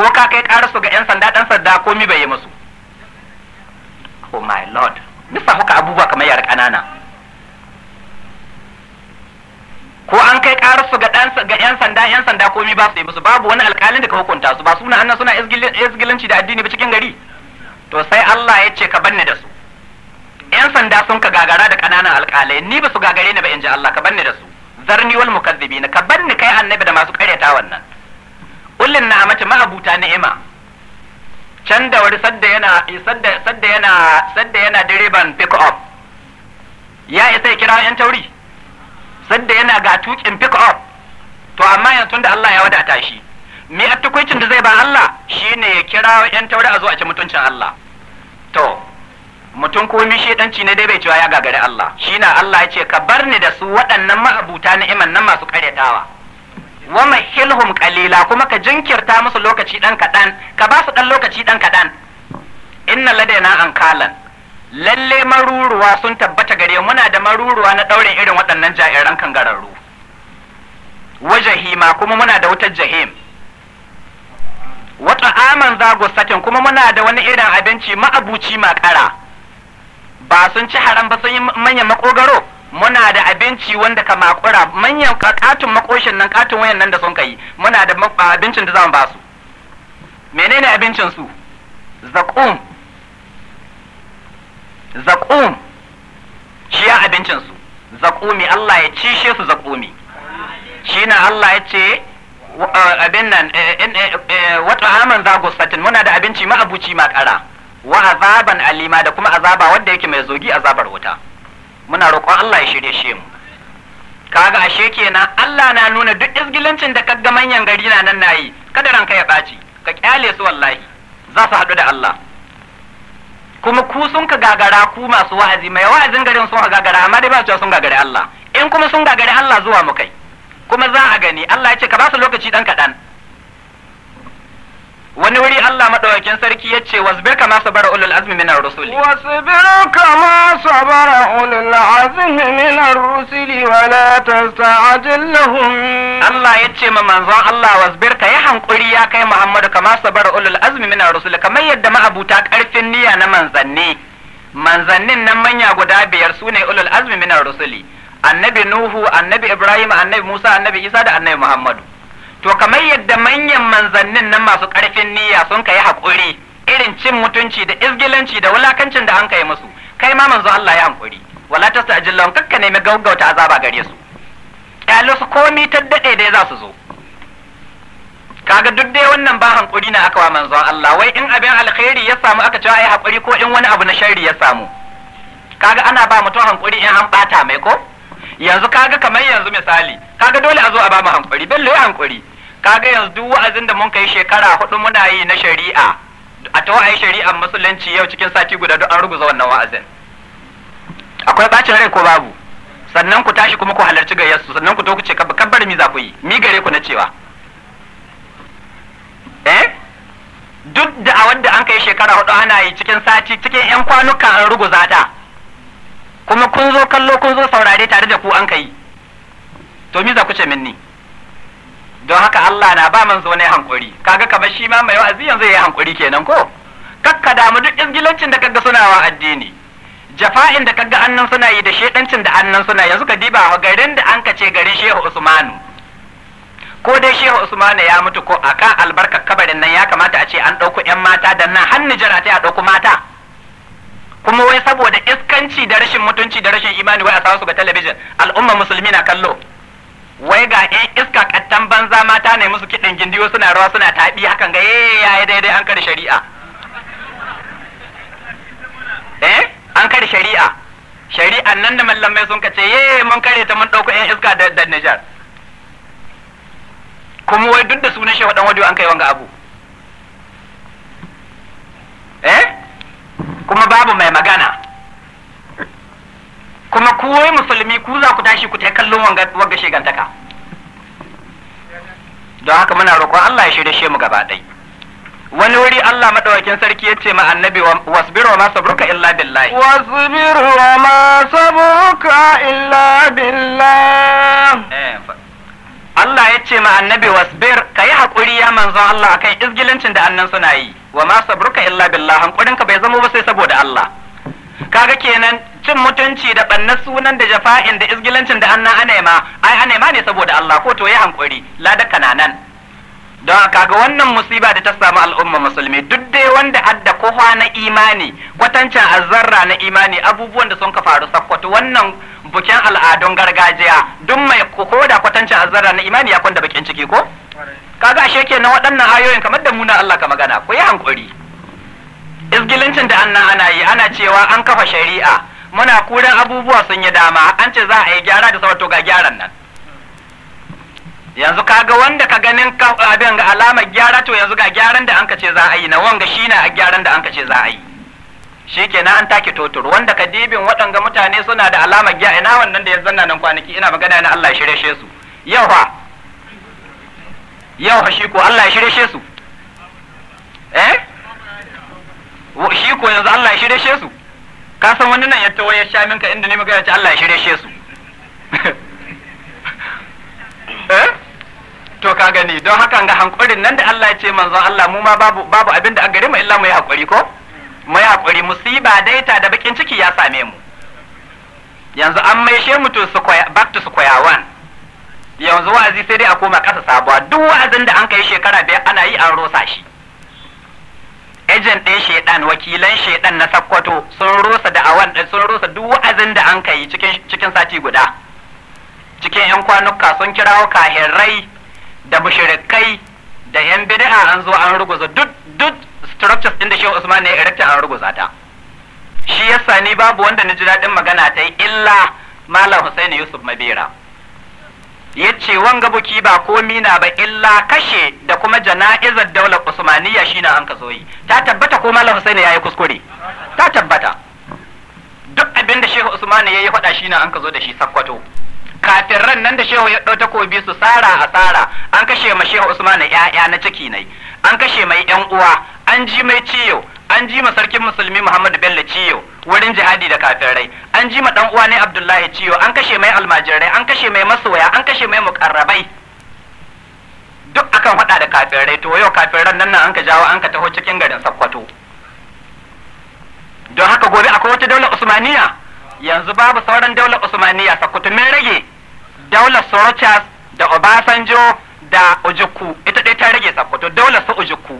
ko ka kai karasu ga yan sanda dan sanda komi bai yi musu oh my lord nisa haka abubuwa kamar yara kanana ko an kai karasu ga dan ga yan sanda yan sanda komi ba su yi musu babu wani alƙalin da ka hukunta su ba suna annan suna izgilanci da addini ba cikin gari to sai Allah ya ce ka banne da su yan sanda sun ka gagara da kananan alƙalai ni ba su gagare ni ba in ji Allah ka banne da su zarni wal mukazzibina ka banne kai annabi da masu karyata wannan kullin na mace ma'abuta ni'ima can da wani sadda yana sadda sadda yana sadda yana direban pick up ya isa ya kira yan tauri sadda yana ga tukin pick up to amma yanzu da Allah ya wadata shi me a da zai ba Allah shine ya kira yan tauri a zo a ci mutuncin Allah to mutum komi shedanci ne dai bai cewa ya gagari Allah shi Allah ya ce ka bar ni da su waɗannan ma'abuta ni'iman nan masu karyatawa Wama hilhum kalila kuma ka jinkirta musu lokaci dan kadan ka ba su dan lokaci dan kadan inna ladaina ankalan lalle maruruwa sun tabbata gare mu muna da maruruwa na ɗaurin irin waɗannan ja'iran kan gararru Wajahi ma kuma muna da wutar jahim wata aman zago satin kuma muna da wani irin abinci ma'abuci makara ba sun ci haram ba sun yi manyan makogaro muna da abinci wanda ka makura manyan katin makoshin nan katin wayan nan da sun kai muna da abincin da zamu ba su menene abincin su zakum zakum ciya abincin su zakumi Allah ya cishe su zakumi na Allah ya ce abin nan eh, eh, eh, wata haman zagustatin muna da abinci ma abuci ma kara wa azaban alima da kuma azaba wanda yake mai zogi azabar wuta muna roƙon Allah ya shirye shi mu ga ashe kenan Allah na nuna duk izgilancin da kaga manyan gari na nan na nayi kada ranka ya ɓaci ka kyale su wallahi za su haɗu da Allah kuma ku sun ka gagara ku masu wa'azi mai wa'azin garin sun gagara amma dai ba su sun gagari Allah in kuma sun gagari Allah zuwa mu kai kuma za a gani Allah ya ce ka ba su lokaci dan kaɗan wani wuri Allah maɗaukakin sarki ya ce wasbir kama sabara ulul azmi minar rusuli wasbir kama sabara ulul azmi minar rusuli la tasta'jil lahum Allah ya ce ma manzon Allah wasbir kai hankuri ya kai Muhammadu kama sabara ulul azmi minar rusuli kamar yadda ma'abuta karfin niyya na manzanni manzannin nan manya guda biyar sune ulul azmi minar rusuli annabi Nuhu annabi Ibrahim annabi Musa annabi Isa da annabi Muhammadu to kamar yadda manyan manzannin nan masu ƙarfin niyya sun kai haƙuri irin cin mutunci da izgilanci da wulakancin da an kai musu kai ma manzo Allah ya haƙuri wala tastajil lahum kakka nemi gaggauta azaba gare su kyalu su komi ta dade dai za su zo kaga duk dai wannan ba hankuri na aka wa manzo Allah wai in abin alkhairi ya samu aka cewa ai haƙuri ko in wani abu na sharri ya samu kaga ana ba mutum hankuri in an bata mai ko yanzu kaga kamar yanzu misali kaga dole a zo a ba mu hankuri bello ya hankuri kaga yanzu duk wa'azin da mun kai shekara hudu muna yi na shari'a a ta wa'ayi shari'ar musulunci yau cikin sati guda duk an ruguza wannan wa'azin akwai bacin rai ko babu sannan ku tashi kuma ku halarci gayyarsu sannan ku to ku ce kabbar mi za ku yi mi gare ku na cewa eh duk da a wanda an kai shekara hudu ana yi cikin sati cikin yan kwanuka an ruguza ta kuma kun zo kallo kun zo saurare tare da ku an kai to mi za ku ce minni don haka Allah na ba manzo ne hankuri kaga kamar shi ma mai wa'azi yanzu yayi hankuri kenan ko kakka damu duk izgilancin da kaga suna wa addini jafa'in da kaga annan suna yi da shedancin da annan suna yanzu ka diba wa garin da an kace garin Shehu Usmanu ko dai Shehu Usmanu ya mutu ko aka albarka kabarin nan ya kamata a ce an dauko 'yan mata da nan har Nijar ta dauko mata kuma wai saboda iskanci da rashin mutunci da rashin imani wai a sa su ga talabijin al'umma musulmi na kallo wai ga ƴan iska kattan banza mata ne musu kiɗin gindiyo suna rawa suna taɓi hakan ga eh, ya yi daidai an kare shari'a eh an kare shari'a shari'a nan da mallamai sun kace ye eh, mun kare ta mun ɗauko ƴan iska da da Nijar kuma wai duk da sunan shehu dan wajo an kai wanga abu eh kuma babu mai magana kuma ku wai musulmi ku za ku tashi ku ta kallon wanga shegantaka don haka muna roƙon Allah ya shirye mu gaba ɗai wani wuri Allah madawakin sarki ya ce ma annabi wasbir wa ma sabruka illa billahi wasbir wa ma sabruka illa billah eh, Allah ya ce ma annabi wasbir ka yi ya manzon Allah akan izgilincin da annan suna yi wa ma sabruka illa billah hankulinka bai zama ba sai saboda Allah kaga kenan cin mutunci da bannan sunan da jafa'in da izgilancin da anna anema ai anema ne saboda Allah ko to ya hankuri ladaka na nan don kaga wannan musiba da ta samu al'umma musulmi duk dai wanda adda kowa na imani kwatancin azzarra na imani abubuwan da sun ka faru sakkwato wannan bukin al'adun gargajiya duk mai koda kwatancin azzarra na imani ya kwanda bakin ciki ko kaga ashe kenan waɗannan ayoyin kamar da muna Allah ka magana ko ya hankuri izgilincin da annan ana yi ana cewa an kafa shari'a muna kuren abubuwa sun yi dama an ce za a yi gyara da sauto ga gyaran nan yanzu kaga wanda ka ganin abin ga alamar gyara to yanzu ga gyaran da an ka ce za a yi na wanga shi na a gyaran da an ka ce za a yi shi kenan an take totur wanda ka dibin waɗanga mutane suna da alamar gyara ina wannan da ya zanna nan kwanaki ina magana na Allah ya shirye su yau ha yau ha shi ko Allah ya shirye su eh shi ko yanzu Allah ya shirye she su ka san wani nan ya tawo ya sha minka inda ne maka ce Allah ya shirye su eh? to ka gani don haka ga hankurin nan da Allah ya ce manzo Allah mu ma babu abin da a gari mu illa mu yi hakuri ko mu yi hakuri musiba daita da bakin ciki ya same mu yanzu an maishe mu to back to square one yanzu wa'azi sai dai a koma kasa sabuwa duk wa'azin da an kai shekara biyar ana yi an rosa shi ejen ɗin shaiɗan wakilan shaiɗan na sakkwato sun rusa da awan sun rusa duk wa'azin da an kai cikin sati guda cikin yan kwanuka sun kirawo kahirai da mushrikai da yan bid'a an zo an ruguza duk duk structures ɗin da shi Usman ya erecta an ruguza ta shi yasa ni babu wanda ni ji daɗin magana ta yi illa Malam Hussein Yusuf Mabera ya ce wanga buki ba komi na ba illa kashe da kuma jana'izar daular usmaniya shi na an ka soyi ta tabbata ko malam husain ya yi kuskure ta tabbata duk abin da shehu usman ya yi faɗa shi na an ka zo da shi sakkwato kafin ran nan da shehu ya ɗau takobi su tsara a tsara an kashe ma shehu usman ya'ya na ciki ne an kashe mai yan uwa an ji mai ciyo an ji ma sarkin musulmi Muhammadu Bello ciyo wurin jihadi da kafirai an ji ma dan uwa ne Abdullahi ciyo an kashe mai almajirai an kashe mai masoya an kashe mai mukarrabai duk akan hada da kafirai to yau kafiran nan nan an ka jawo an ka taho cikin garin Sokoto don haka gobe akwai wata daular Usmaniya yanzu babu sauran daular Usmaniya Sokoto mai rage daular Sorochas da Obasanjo da Ojukwu ita dai ta rage Sokoto daular su Ojukwu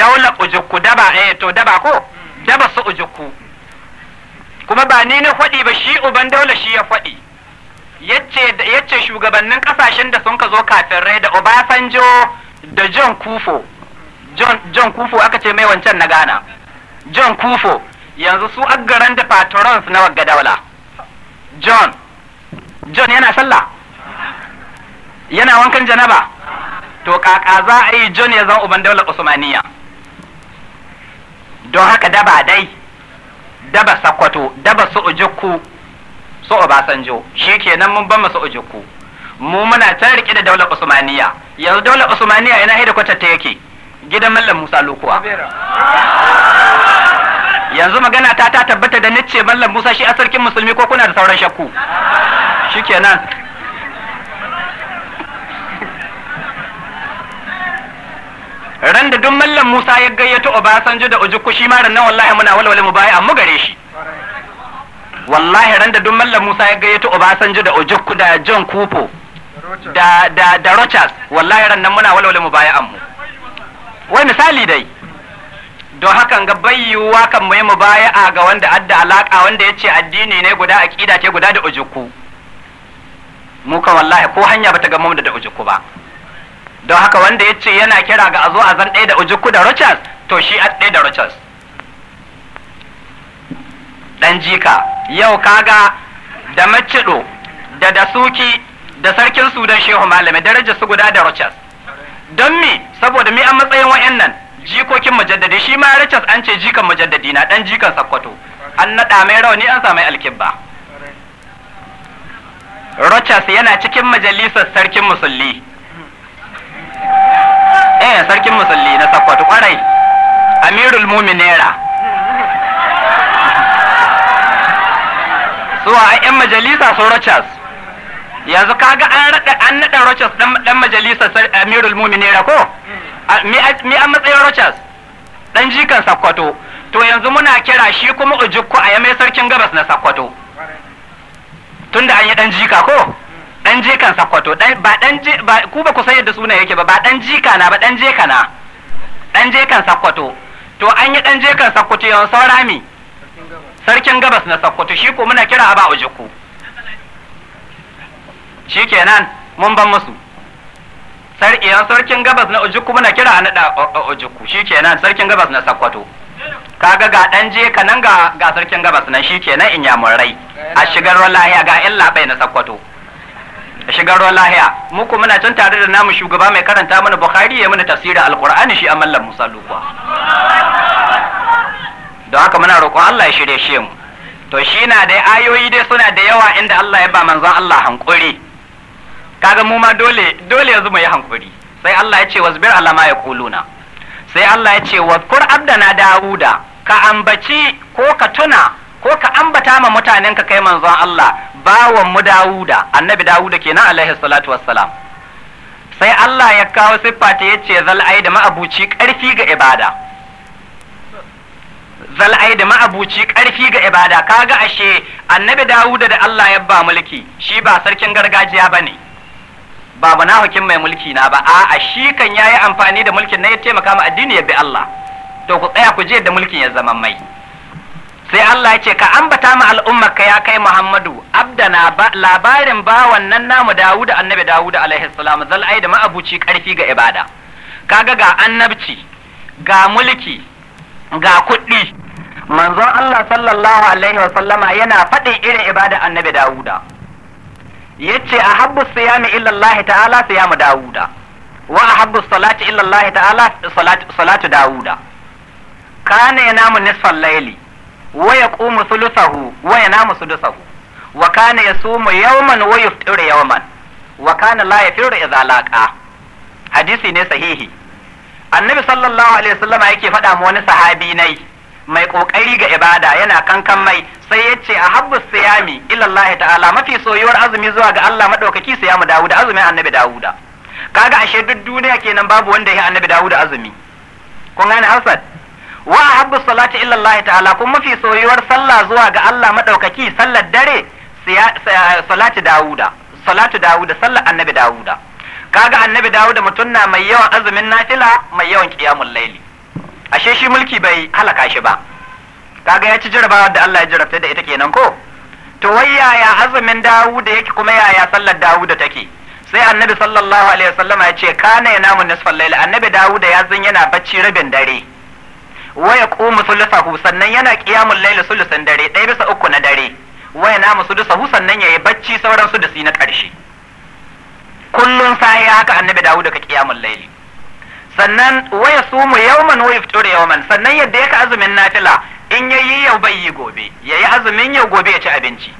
daula ujukku daba eh to daba ko hmm. daba su ujukku kuma ba ni ne faɗi ba shi uban daula shi ya faɗi yace shugabannin kasashen da sun ka zo kafin rai da Obasanjo da John Kufo John Kufo aka ce mai wancan na Ghana John Kufo yanzu su aggaran da patrons na wagga daula John John yana sallah yana wankan janaba to kaka za a yi John ya zan uban daular Usmaniya don haka daba dai daba sakwato daba su ujukku su obasanjo kenan mun ban su ujukku mu muna ta rike da daular usmaniya yanzu daular usmaniya ina haida kwatar ta yake gidan mallam musa lokuwa yanzu magana ta ta tabbata da nace mallam musa shi a sarkin musulmi ko kuna da sauran shakku Shi kenan. ran da duk mallam Musa ya gayyato Obasanjo da Ojukwu shi ma ran nan wallahi muna walwale mu baya mu gare shi wallahi ran da duk mallam Musa ya gayyato Obasanjo da Ojukwu da John Kupo da da da Rochas wallahi ran nan muna walwale mu baya mu wai misali dai don hakan ga bayyuwa kan mu mu baya a ga wanda adda alaka wanda yace addini ne guda aqida ce guda da Ojukwu mu ka wallahi ko hanya bata ga mu da Ojukwu ba don haka wanda ya ce yana kira ga a zo a zan ɗaya da ujuku da Rochas to shi a ɗaya da Rochas ɗan jika yau kaga da macido da dasuki da sarkin su don shehu malami daraja su guda da Rochas don me saboda me an matsayin wa'annan jikokin mujaddadi shi ma Rochas an ce jikan mujaddadi na ɗan jikan sakwato. an naɗa mai rauni an sami alkibba Rochas yana cikin majalisar sarkin musulmi. eh sarkin musulli na sakwato kwarai amirul muminera suwa a yan majalisa sun rochas yanzu kaga an raɗa an naɗa rochas ɗan majalisa amirul muminera ko mi an matsayin rochas ɗan jikan sakwato, to yanzu muna kira shi kuma ujukku a yamai sarkin gabas na sakwato. tunda an yi ɗan jika ko dan jikan sakkwato ba dan ba ku ba ku san yadda suna yake ba ba dan jika na ba dan je kana dan kan sakkwato to an yi dan kan sakkwato yawan saurami. sarkin gabas na sakkwato shi ko muna kira aba ujuku shikenan mun ban musu yawan eh, sarkin gabas na ujuku muna kira a nada ujuku shikenan sarkin gabas na sakkwato kaga ga dan je nan ga ga sarkin gabas nan shikenan in rai. a shigar wallahi ga illa bai na sakkwato a shiga ruwan lahiya mu ko muna can tare da namu shugaba mai karanta mana bukhari ya mana tafsirin alqur'ani shi amallan musa lukwa don haka muna roƙon Allah ya shirya shi mu to shi na da ayoyi dai suna da yawa inda Allah ya ba manzon Allah hankuri kaga mu ma dole dole yanzu mu yi hankuri sai Allah ya ce wasbir ala ma yaquluna sai Allah ya ce wa da na dauda ka ambaci ko ka tuna ko ka ambata ma mutanen ka kai manzon Allah bawan mu Dawuda annabi Dawuda kenan alaihi salatu wassalam sai Allah ya kawo siffa ta yace zal'ai da ma'abuci karfi ga ibada zal'ai da ma'abuci karfi ga ibada kaga ashe annabi Dawuda da Allah ya ba mulki shi ba sarkin gargajiya bane ba bana hukin mai mulki na ba a'a shi kan yayi amfani da mulkin na ya taimaka ma addini ya bi Allah to ku tsaya ku je da mulkin ya zama mai sai Allah ya ce ka ambata ma al'ummar ka ya kai Muhammadu abdana labarin bawan nan namu Dawuda annabi Dawuda alaihi salam aida ma ma'abuci karfi ga ibada kaga ga annabci ga mulki ga kuɗi manzon Allah sallallahu alaihi wasallama yana faɗin irin ibada annabi Dawuda yace ahabbu siyami illa Allah ta'ala siyamu Dawuda wa ahabbu salati illa Allah ta'ala salatu Dawuda kana yanamu nisfal layli wa yaqumu thuluthahu waya yanamu sudusahu wa kana suma yawman wa yuftiru yawman wa kana la yafiru idza laqa hadisi ne sahihi annabi sallallahu alaihi wasallam yake faɗa mu wani sahabi nai mai kokari ga ibada yana kankan mai sai ya ce ahabbu siyami illa Allah ta'ala mafi soyuwar azumi zuwa ga Allah madaukaki siyamu Dawuda azumin annabi Dawuda kaga ashe duk duniya kenan babu wanda ya annabi Dawuda azumi kun gane hasad wa habbu salati illa ta'ala kuma mafi soyuwar sallah zuwa ga Allah madaukaki sallar dare salati Dawuda salatu Dawuda sallar annabi Dawuda kaga annabi Dawuda mutum na mai yawan azumin nafila mai yawan qiyamul laili ashe shi mulki bai halaka shi ba kaga ya ci jarabawa da Allah ya jarabta da ita kenan ko to wai yaya azumin Dawuda yake kuma yaya sallar Dawuda take sai annabi sallallahu alaihi wasallama ya ce kana ya namu nisfal laili annabi Dawuda ya zan yana bacci rabin dare wa yaqumu thuluthahu sannan yana kiyamun laila sulusan dare ɗaya bisa uku na dare wa yanamu sudusahu sannan yayi bacci sauran su na ƙarshe kullun sai haka annabi Dawud ka qiyamul laili sannan wa mu yawman wa yafṭuru yawman sannan yadda yake azumin nafila in yayi yau bai yi gobe yayi azumin yau gobe ya ci abinci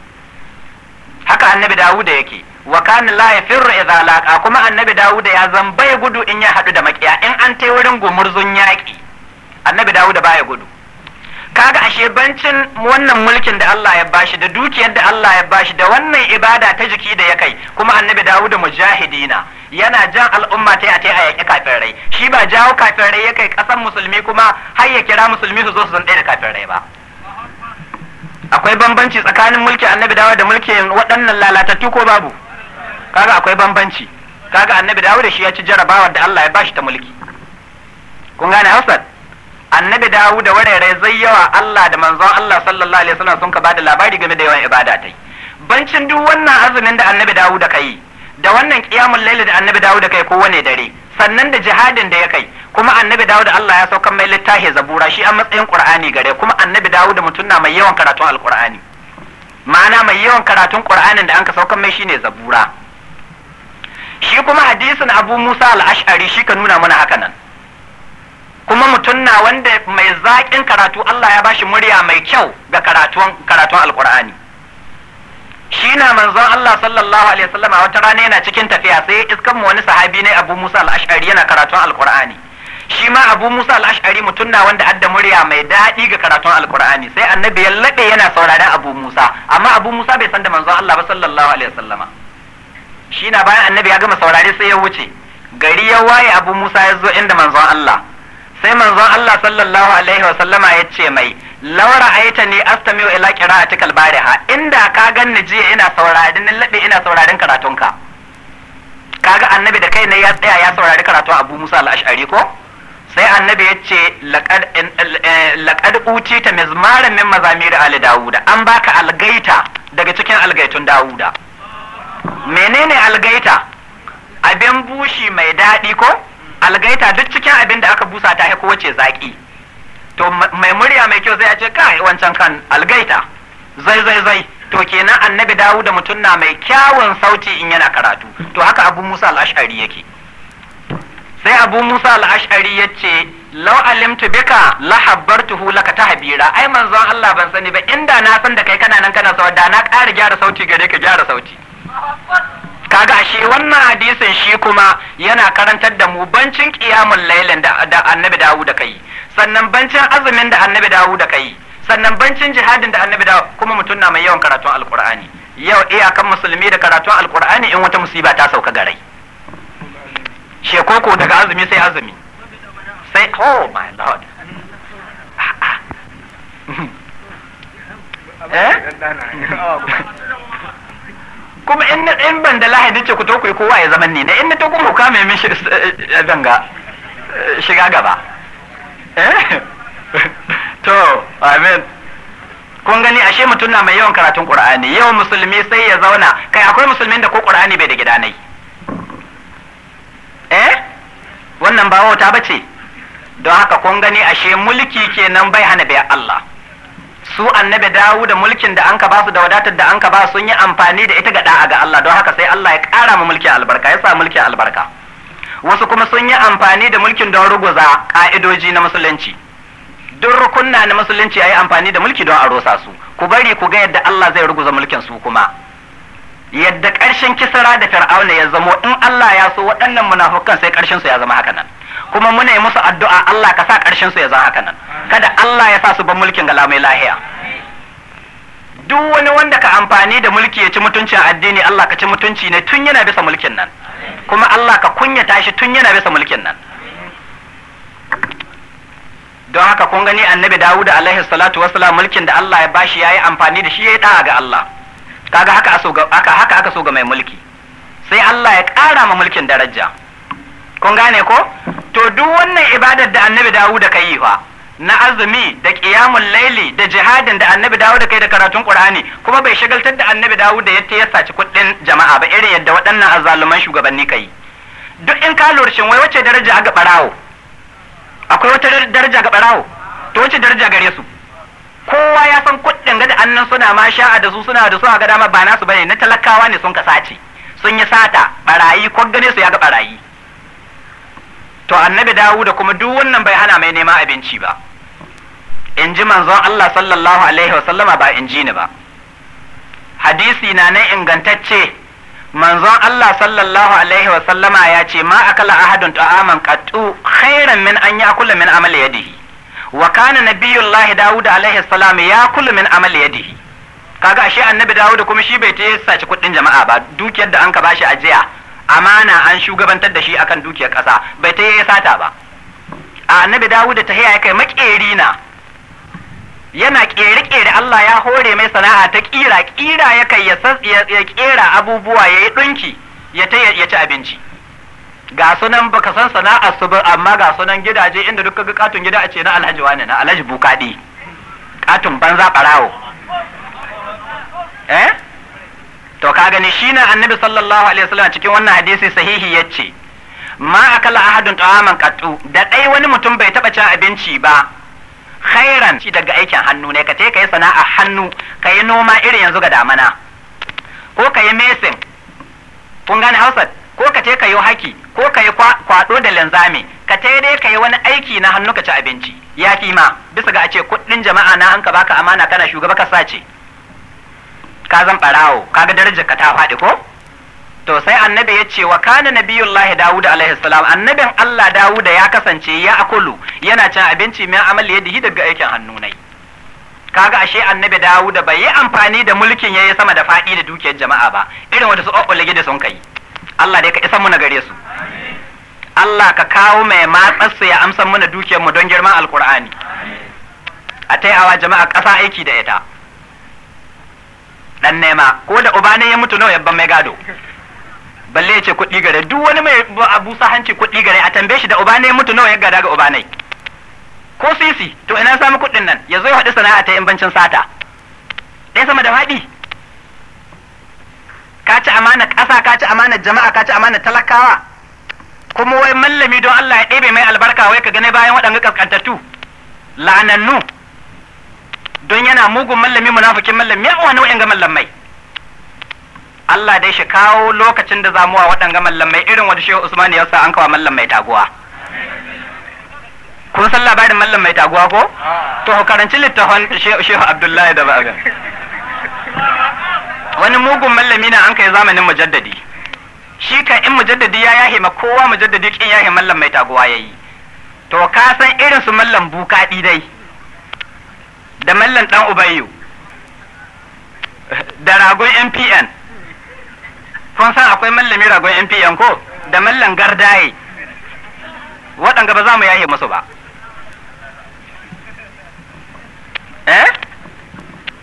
haka annabi Dawud yake wa kana la yafirru idza laqa kuma annabi Dawud ya zan bai gudu in ya hadu da makiya in an tai wurin gumurzun yaki annabi da baya gudu kaga ashe bancin wannan mulkin da Allah ya bashi da dukiyar da Allah ya bashi da wannan ibada ta jiki da ya kai kuma annabi da mujahidina yana jan al'umma ta yi a yaƙi kafirai shi ba jawo kafirai ya kai ƙasan musulmi kuma har ya kira musulmi su zo su zan da kafirai ba akwai bambanci tsakanin mulki annabi Dawud da mulkin waɗannan lalatattu ko babu kaga akwai bambanci kaga annabi Dawud shi ya ci jarabawar da Allah ya bashi ta mulki kun gane Hausa annabi dawu da Rai zai yawa Allah da manzon Allah sallallahu alaihi wasallam sun ka bada labari game da yawan ibada tai bancin duk wannan azumin da annabi dawu da kai da wannan qiyamul layl da annabi dawu da kai ko wane dare sannan da jihadin da ya kai kuma annabi da Allah ya sauka mai littafi zabura shi a matsayin Qur'ani gare kuma annabi dawu mutum na mai yawan karatun alqur'ani ma'ana mai yawan karatun Qur'anin da an ka sauka mai shine zabura shi kuma hadisin Abu Musa al-Ash'ari shi ka nuna mana haka nan kuma mutum na wanda mai zaƙin karatu Allah ya bashi murya mai kyau ga karatun alƙur'ani. alkur'ani shi na manzon Allah sallallahu alaihi wasallam wata rana yana cikin tafiya sai iskan mu wani sahabi ne Abu Musa al-Ash'ari yana karatun alkur'ani shi ma Abu Musa al-Ash'ari mutum na wanda adda murya mai daɗi ga karatun alkur'ani sai annabi ya laɓe yana sauraron Abu Musa amma Abu Musa bai san da manzon Allah ba sallallahu alaihi sallama. shi na bayan annabi ya gama saurare sai ya wuce gari ya waye Abu Musa ya zo inda manzon Allah sai manzon Allah sallallahu alaihi wa sallama ya ce mai laura aita ni astami ila atikal bariha inda ka ganni jiya ina saurarin labe ina saurarin karatunka kaga annabi da kai ne ya tsaya ya saurari karatu Abu Musa al-Ash'ari ko sai annabi ya ce laqad eh, utita mizmaran min mazamir ali dawuda an baka algaita daga cikin algaitun dawuda menene algaita abin bushi mai daɗi ko algaita duk cikin abin da aka busa ta haiku wace zaki to mai murya mai kyau zai ce kai wancan kan algaita zai zai zai to kenan annabi dawu da mutum na mai kyawun sauti in yana karatu to haka abu musa al'ashari yake sai abu musa al'ashari ya ce lau alimtu bika la habbartuhu laka habira ai manzon Allah ban sani ba inda na san da kai kana nan kana sawa da na kara gyara sauti gare ka gyara sauti kaga ashe wannan hadisin shi kuma yana karantar da mu bancin kiyamun lailan da annabi dawu da kai sannan bancin azumin da annabi dawu da kai sannan bancin jihadin da annabi dawu kuma mutum na mai yawan karatun alkur'ani yau iyakan musulmi da karatun alkur'ani in wata musiba ta sauka garai shekoko daga azumi sai azumi sai oh my lord eh oh, kuma in in ban da lahadi ce ku to ku yi kowa ya zaman ne in to kuma ku kame min eh, eh, eh, shiga gaba to amin kun gani ashe mutum na mai yawan karatun qur'ani yawan musulmi sai ya zauna kai akwai musulmi da ko qur'ani bai da gida gidanai eh wannan ba wauta bace don haka kun gani ashe mulki kenan bai hana bai Allah su annabi dawo da mulkin da anka ba su da wadatar da anka ba sun yi amfani da ita ga da'a ga Allah don haka sai Allah ya ƙara mu mulki albarka ya sa mulki albarka wasu kuma sun yi amfani da mulkin don ruguza ka'idoji na musulunci duk rukunna na musulunci ayi amfani da mulki don a rosa su ku bari ku ga yadda Allah zai ruguza mulkin su kuma yadda ƙarshen kisara da fir'auna ya zamo in Allah ya so waɗannan munafukan sai ƙarshen su ya zama haka nan kuma muna yi musu addu'a Allah ka sa ƙarshen su ya zan haka nan kada Allah ya sa su ban mulkin mai lahiya duk wani wanda ka amfani da mulki ya ci mutunci a addini Allah ka ci mutunci ne tun yana bisa mulkin nan kuma Allah ka kunyata shi tun yana bisa mulkin nan don haka kun gani annabi Dawud alaihi salatu wassalam mulkin da Allah ya bashi ya yi amfani da shi yayi da'a ga Allah kaga haka haka aka so ga mai mulki sai Allah ya ƙara ma mulkin daraja kun gane ko to duk wannan ibadar da annabi dawo ka yi fa na azumi da ƙiyamun laili da jihadin da annabi dawo da kai da karatun qur'ani kuma bai shagaltar da annabi dawo da yadda ya saci kuɗin jama'a ba irin yadda waɗannan azzaluman shugabanni kai duk in ka lura shin wai wacce daraja ga barawo akwai wata daraja ga barawo to wacce daraja gare su kowa ya san kuɗin ga da annan suna ma sha'a da su suna da su a ga dama ba nasu bane na talakawa ne sun ka sace sun yi sata barayi ko gane su ya ga barayi to annabi Dawuda kuma duk wannan bai hana mai nema abinci ba in ji manzon Allah sallallahu alaihi sallama ba in ji ni ba hadisi na nan ingantacce manzon Allah sallallahu alaihi wa sallama ya ce ma akala ahadun ta'aman qattu khairan min an yakula min amali yadihi wa kana nabiyullahi Dawud alaihi salam kula min amali yadihi kaga ashe annabi Dawud kuma shi bai ta saci kuɗin jama'a ba dukiyar da an ka bashi ajiya amana an shugabantar da shi akan dukiyar ƙasa bai ta ya sata ba a annabi dawud ta haya kai makeri na yana ƙere ƙere Allah ya hore mai sana'a ta ƙira ƙira ya kai ya kera abubuwa ya yi ɗunki ya ta ya ci abinci ga sunan baka san sana'ar su ba amma ga sunan gidaje inda duk ga katon gida a ce na alhaji wani na alhaji bukadi katon banza ɓarawo eh to ka gani shi na annabi sallallahu alaihi wasallam cikin wannan hadisi sahihi ya ce ma akala ahadun ta'aman qattu da ɗai wani mutum bai taba cin abinci ba khairan shi daga aikin hannu ne ka ce ka sana'a hannu ka noma irin yanzu ga damana ko ka yi mesin kun gane hausa ko ka ce ka yi haki ko ka yi kwaɗo da linzami ka ce dai ka wani aiki na hannu ka ci abinci ya kima ma bisa ga a ce kuɗin jama'a na an ka baka amana kana shugaba ka sace ka zan barawo kaga darajar ka ta faɗi ko to sai annabi ya ce wa kana nabiyullahi dawud alaihi salam annabin Allah dawud ya kasance ya akulu yana cin abinci mai amali yadihi daga aikin hannu nai kaga ashe annabi dawud bai yi amfani da mulkin yayi sama da faɗi da dukiyar jama'a ba irin wanda su ƙwaƙwale da sun kai Allah dai ka isa muna gare su Allah ka kawo mai su ya amsa muna dukiyar mu don girman alkur'ani a taiawa jama'a ƙasa aiki da ita dan nema ko da uba ne ya mutu nawa yabban mai gado balle ya ce kuɗi gare duk wani mai abu sahanci kuɗi gare a tambaye shi da uba ne ya mutu nawa ya gada ga uba ne ko sisi to ina samu kuɗin nan ya zo ya haɗu sana'a ta yin bancin sata ɗaya sama da faɗi ka ci amana ƙasa ka ci amana jama'a ka ci amana talakawa kuma wai mallami don Allah ya ɗebe mai albarka wai ka gane bayan waɗanga ƙasƙantattu. la'anannu don yana mugun mallami munafikin mallami ya wani wa'in ga mallamai Allah dai shi kawo lokacin da zamuwa waɗanga mallamai irin wanda Shehu Usman ya sa an kawo mallamai taguwa kun san labarin mallam mai taguwa ko to karanci littafin Shehu Abdullahi da ba'a wani mugun mallami na an kai zamanin mujaddadi shi ka in mujaddadi ya yahe ma kowa mujaddadi kin yahe mallam mai taguwa yayi to ka san irin su mallam bukaɗi dai da mallan dan ubayyu da ragon mpn kun san akwai mallami ragon mpn ko da mallan gardaye waɗanga ba za mu yaye musu ba eh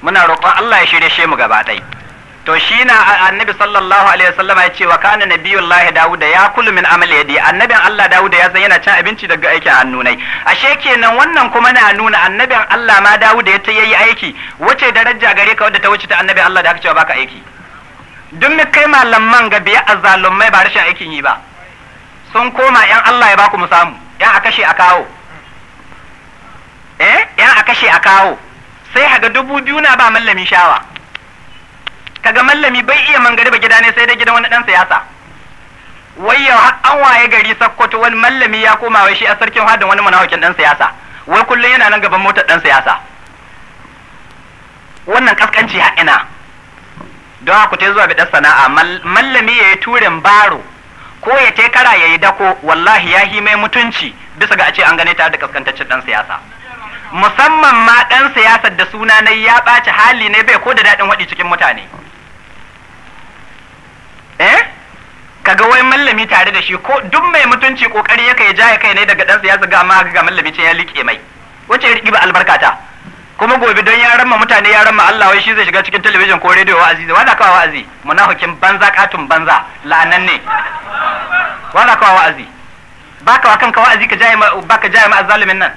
muna roƙon Allah ya shirye shi mu gaba ɗaya to shi na annabi sallallahu alaihi wasallama ya ce wa kana nabiyullahi dawud ya kullu min amali yadi annabin Allah dawud ya san yana cin abinci daga aikin hannu nai ashe kenan wannan kuma na nuna annabin Allah ma dawud ya ta yayi aiki wace daraja gare ka wadda ta wuce ta annabi Allah da aka cewa baka aiki duk mu kai malaman ga biya azzalumai ba rashin aikin yi ba sun koma yan Allah ya baku mu samu yan a kashe a kawo eh yan a kashe a kawo sai haga dubu biyu na ba mallamin shawa kaga mallami bai iya mangari ba gida ne sai da gidan wani dan siyasa wai yau an waye gari sakkwato wani mallami ya koma wai shi a sarkin hadin wani manawakin dan siyasa wai kullum yana nan gaban motar dan siyasa wannan kaskanci ina don haka ta zuwa bidan sana'a mallami ya yi turin baro ko ya te kara ya yi dako wallahi ya hi mai mutunci bisa ga a ce an gane ta da kaskantaccen dan siyasa musamman ma dan siyasar da suna na ya ɓaci hali ne bai ko da daɗin waɗi cikin mutane eh kaga wai mallami tare da shi ko duk mai mutunci kokari yake ya jaye kai ne daga dan siyasa ga ma ga mallami ce ya like mai wace riki ba albarka ta kuma gobe don ya ramma mutane ya ramma Allah wai shi zai shiga cikin talabijin ko rediyo wa'azi wa za kawo wa'azi munafikin banza katun banza la'anan ne wa za kawo wa'azi baka wa kanka wa'azi ka jaye baka jaye ma azzalumin nan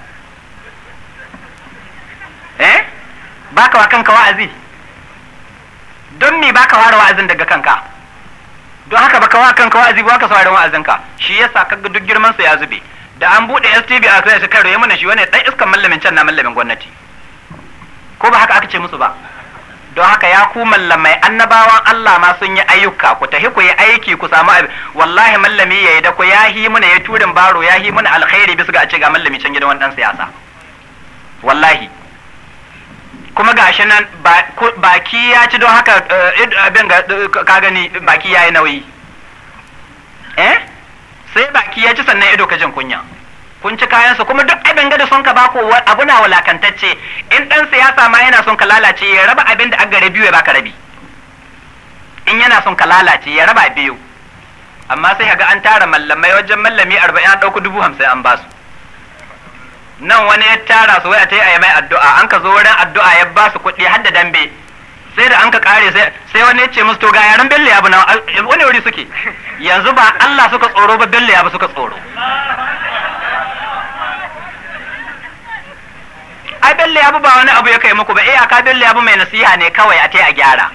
eh baka wa kanka wa'azi don me baka ware wa'azin daga kanka don haka baka wa kanka wa'azi ba ka sauraron wa'azin ka shi yasa kaga duk girman sa ya zube da an bude STB a kai shi karo ya mana shi wani dan iskan mallamin can na mallamin gwamnati ko ba haka aka ce musu ba don haka ya ku mallamai annabawan Allah ma sun yi ayyuka ku tahi ku yi aiki ku samu abin wallahi mallami ya yi da ku ya hi muna ya turin baro ya hi muna alkhairi bisa ga a ce ga mallami can gidan wani dan siyasa wallahi kuma gashi nan baki ya ci don haka eh, abin eh, ka gani baki ya yi nauyi eh sai baki ya ci sannan ido ka jin kunya kun ci kayansu kuma duk abin gada sun ka bako abu na walakantacce in dan siyasa ma yana son ka lalace ya raba abin da aka rabi ya baka rabi in yana son ka lalace ya raba biyu amma sai ka ga an tara mallamai wajen mallami arba'in an ɗauku dubu hamsin an basu nan wani ya tara su wai a tai a yi mai addu'a an ka zo wurin addu'a ya ba su kuɗi har da dambe sai da an ka kare sai wani ya ce musu to ga yaran bello ya na wani wuri suke yanzu ba Allah suka tsoro ba bello ya suka tsoro ai bello ya ba wani abu ya kai muku ba eh aka bello ya mai nasiha ne kawai a tai a gyara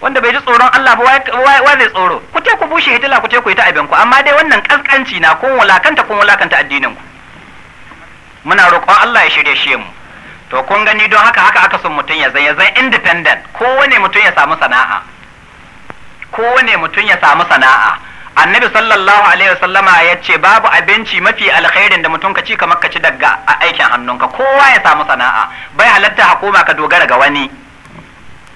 wanda bai ji tsoron Allah ba wa zai tsoro ku te ku bushe hitila ku te ku yi ta abinku amma dai wannan kaskanci na kun wulakanta kun wulakanta addinin ku muna roƙon Allah ya shirye shi mu to kun gani don haka haka aka son mutum ya zan ya zan independent kowane mutum ya samu sana'a kowane mutum ya samu sana'a annabi sallallahu alaihi wasallama ya ce babu abinci mafi alkhairin da mutum ka ci kamar ka ci daga aikin hannunka kowa ya samu sana'a bai halatta hukuma ka dogara ga wani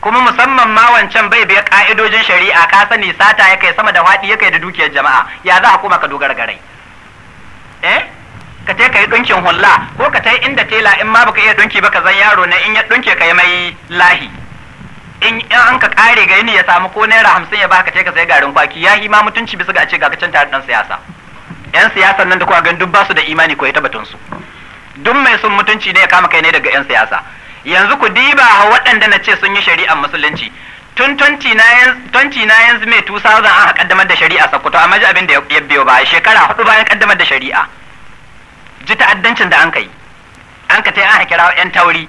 kuma musamman ma wancan bai biya ka'idojin shari'a ka sani sata ya kai sama da faɗi ya kai da dukiyar jama'a ya za a ka dogara ga rai eh ka je ka yi dunkin hulla ko ka tai inda tela in ma baka iya dunki ba ka zan yaro na in ya dunke ka yi mai lahi in an ka kare ga ya samu ko naira hamsin ya baka ce ka sai garin kwaki ya ma mutunci bisa ga ce ga kacin tare ɗan siyasa yan siyasa nan da kuwa gan duk ba su da imani ko ya tabbatun su duk mai sun mutunci ne ya kama kai ne daga yan siyasa yanzu ku diba waɗanda na ce sun yi shari'ar musulunci tun na yanzu mai 2000 an kaddamar da shari'a sakkwato amma ji abin da ya biyo ba shekara hudu bayan kaddamar da shari'a ji ta'addancin da an kai an ka tai an kira yan tauri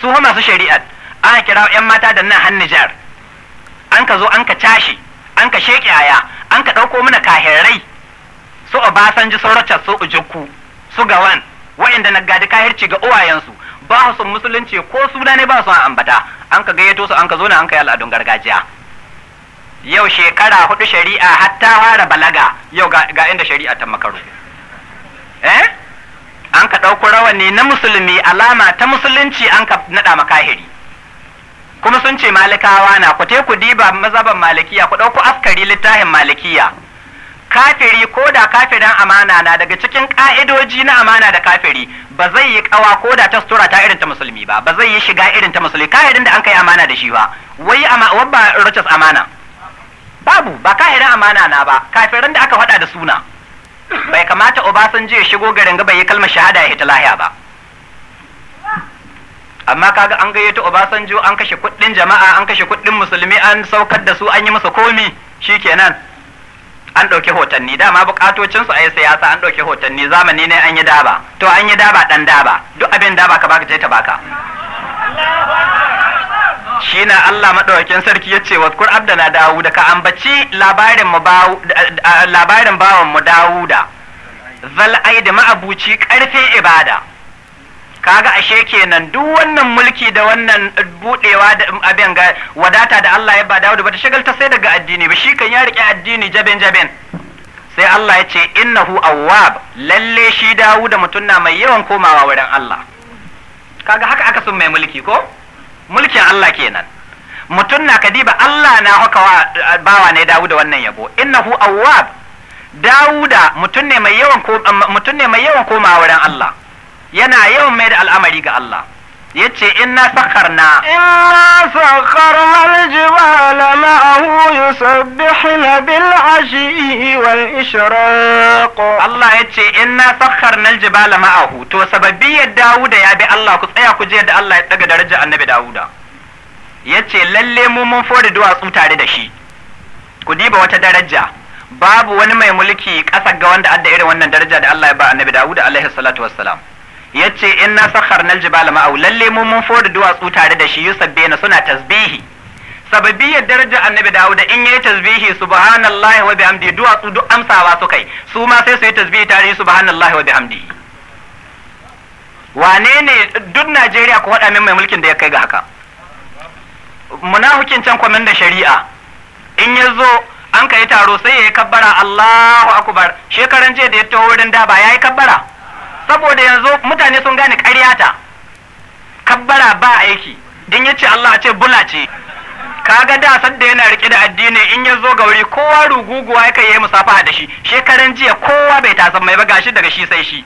su ha masu shari'a an kira yan mata da nan hannijar an ka zo an ka tashi an ka sheke aya an ka ɗauko mana kahirai su obasanji sun racha su ujukku su gawan waɗanda na gadi kahirci ga uwayensu ba su musulunci ko suna ne ba su ambata an ka gayyato su an ka zo na an ka al'adun gargajiya yau shekara hudu shari'a hatta fara balaga yau ga inda shari'a ta makaru eh an ka ɗauko rawani na musulmi alama ta musulunci an ka naɗa makahiri kuma sun ce malikawa na ku ku diba mazaban malikiya ku ɗauko askari littafin malikiya kafiri ko da kafirin amana na daga cikin ƙa'idoji na amana da kafiri ba zai yi ƙawa ko da ta sutura ta irin ta musulmi ba ba zai yi shiga irin ta musulmi kafirin da an kai amana da shi ba wai wabba rucus amana babu ba kafirin amana na ba kafirin da aka faɗa da suna bai kamata Obasanjo ya shigo garin ga bai yi kalmar shahada ya hita lahiya ba amma kaga an gayyato Obasanjo an kashe kuɗin jama'a an kashe kuɗin musulmi an saukar da su an yi musu komi shikenan an ɗauki hotanni dama bukatocin su a yi siyasa an ɗauki hotanni zamani ne an yi daba to an yi daba ɗan daba duk abin daba ka baka je ta baka shi na Allah maɗaukakin sarki ya ce na na dawuda ka ambaci labarin bawan mu dawuda zal aidi ma'abuci ƙarfin ibada Ka ga ashe kenan duk wannan mulki da wannan budewa da abin ga wadata da Allah ya ba dawuda bata shagalta sai daga addini ba shi kan ya rike addini jaben jaben sai Allah ya ce innahu awwab lalle shi dawuda mutum na mai yawan komawa wurin Allah kaga haka aka sun mai mulki ko mulkin Allah kenan mutum na kadiba Allah na haka wa bawa ne Dawuda wannan yabo innahu awwab Dawuda mutum ne mai yawan mutum ne mai yawan komawa wurin Allah yana yawan mai da al'amari ga Allah yace inna sakharna inna sakharna aljibala ma'ahu yusabbihuna bil ashi wal ishraq Allah yace inna sakharna aljibala ma'ahu to sababi ya Dawuda ya bi Allah ku tsaya ku je da Allah ya daga daraja annabi Dawuda yace lalle mu mun fori duwatsu tare da shi ku diba wata daraja babu wani mai mulki kasa ga wanda adda irin wannan daraja da Allah ya ba annabi Dawuda alaihi salatu wassalam Ya ce in na inna sakharna aljibala ma'au lalle mu mun fodi duwatsu tare da shi na suna tasbihi sababbi ya daraja annabi dawo da in yayi tasbihi subhanallahi wa bihamdi duwatsu duk amsawa su kai su ma sai su yi tasbihi tare subhanallahi wa bihamdi wane ne duk Najeriya ku faɗa min mai mulkin da ya kai ga haka muna can kwamin da shari'a in ya zo an kai taro sai ya yi kabbara Allahu akubar shekaran jiya da ya taho wurin da ba ya yi kabbara saboda yanzu mutane sun gane ƙaryata kabbara ba aiki in yace Allah a ce bula ce kaga da sadda yana rike da addini in ya zo ga wuri kowa ruguguwa yake yi musafaha da shi shekaran jiya kowa bai tasan mai ba gashi daga shi sai shi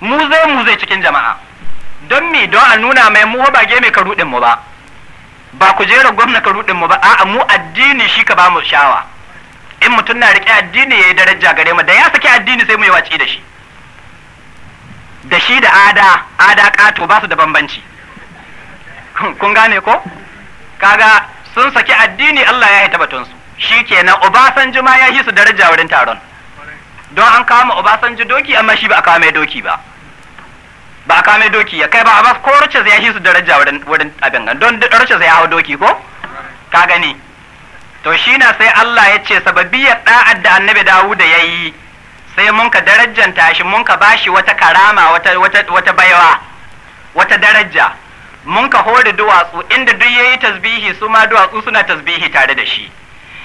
mu zai mu zai cikin jama'a don me don a nuna mai mu ba ge mai karudin mu ba ba ku jera gwamna ka mu ba a'a mu addini shi ka ba mu shawa in mutum na rike addini yayi daraja gare mu da ya saki addini sai mu yi waci da shi da shi da ada ada ƙato ba su da bambanci kun gane ko kaga sun saki addini Allah ya yi tabbatunsu shi ke kenan Obasanjo ma ya yi su daraja wurin taron don an kama ji doki amma shi ba a kama doki ba ba a kama doki ya kai ba a bas ko Rochas ya yi su daraja wurin abin gan don Rochas ya hau doki ko ka gani to shi na sai Allah ya ce sababiyar da'ad da annabi Dawuda ya yi sai mun ka darajanta shi mun ka bashi wata karama wata wata wata baiwa wata daraja mun ka hori duwatsu inda duk yayi tasbihi su ma duwatsu suna tasbihi tare da shi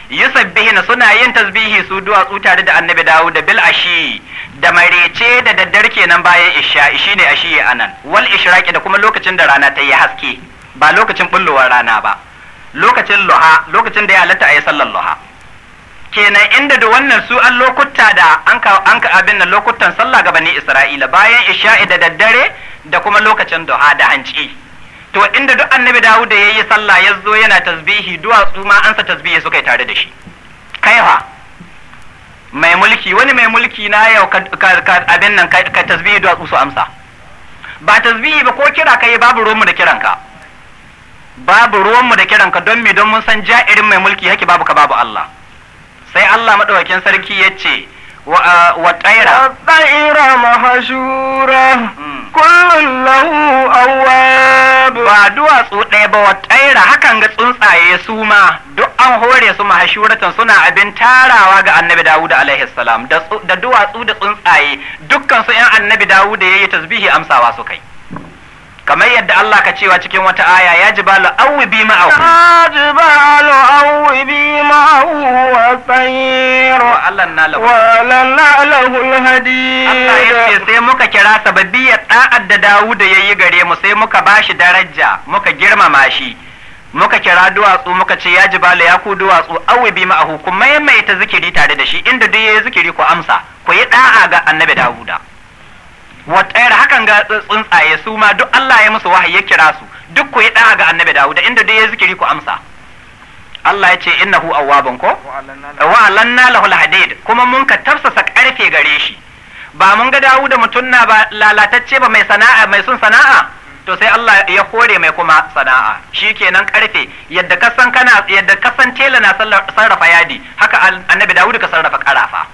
yusabbihina suna yin tasbihi su duwatsu tare da annabi dawo da bil ashi da marece da daddare kenan bayan isha ne ashi anan wal ishraqi da kuma lokacin da rana ta yi haske ba lokacin bullowar rana ba lokacin luha lokacin da ya halatta ayi sallar luha kenan inda da wannan su an lokuta da an ka abin nan lokutan sallah ga bani Isra'ila bayan isha'i da daddare da kuma lokacin duha da hanci to inda duk annabi Dawud da yayi sallah ya zo yana tasbihi duwatsu ma ansa tasbihi suka yi tare da shi kaifa mai mulki wani mai mulki na yau abin nan ka tasbihi duwatsu su amsa ba tasbihi ba ko kira kai babu romu da kiranka babu ruwanmu da kiranka don me don mun san ja'irin mai mulki haki babu ka babu Allah sai Allah maɗaukakin sarki ya ce wa tsaira tsaira mahashura hmm. kullum lahu awwab ba duwatsu ɗaya ba wa tsaira hakan ga tsuntsaye su ma duk an hore su mahashuratan suna abin tarawa ga annabi dawud alaihi salam da duwatsu da tsuntsaye dukkan su yan annabi dawud yayi tasbihi amsawa su kai kamar yadda Allah ka cewa cikin wata aya ya ji balo awi bi ma'ahu ya ji balo awi bi ma'ahu wa na walallahu alhadi Allah ya ce sai muka kira ya da'ad da dawuda ya yi gare mu sai muka bashi daraja muka girmama shi muka kira duwatsu muka ce ya ji balo ya ku duwatsu awi bi ma'ahu kuma yamma ta zikiri tare da shi inda duk yayi zikiri ku amsa ku yi da'a ga annabi Dawuda da hakan ga tsuntsaye su ma duk Allah ya musu wahayi ya kira su duk ku yi ɗaya ga annabi Dawud inda dai ya zikiri ku amsa Allah ya ce innahu awwabun ko wa alanna lahul hadid kuma mun ka tafsasa karfe gare shi ba mun ga Dawud mutum na ba lalatacce ba mai sana'a mai sun sana'a to sai Allah ya kore mai kuma sana'a shi kenan karfe yadda kasan kana yadda kasan tela na sarrafa yadi haka annabi Dawud ka sarrafa karafa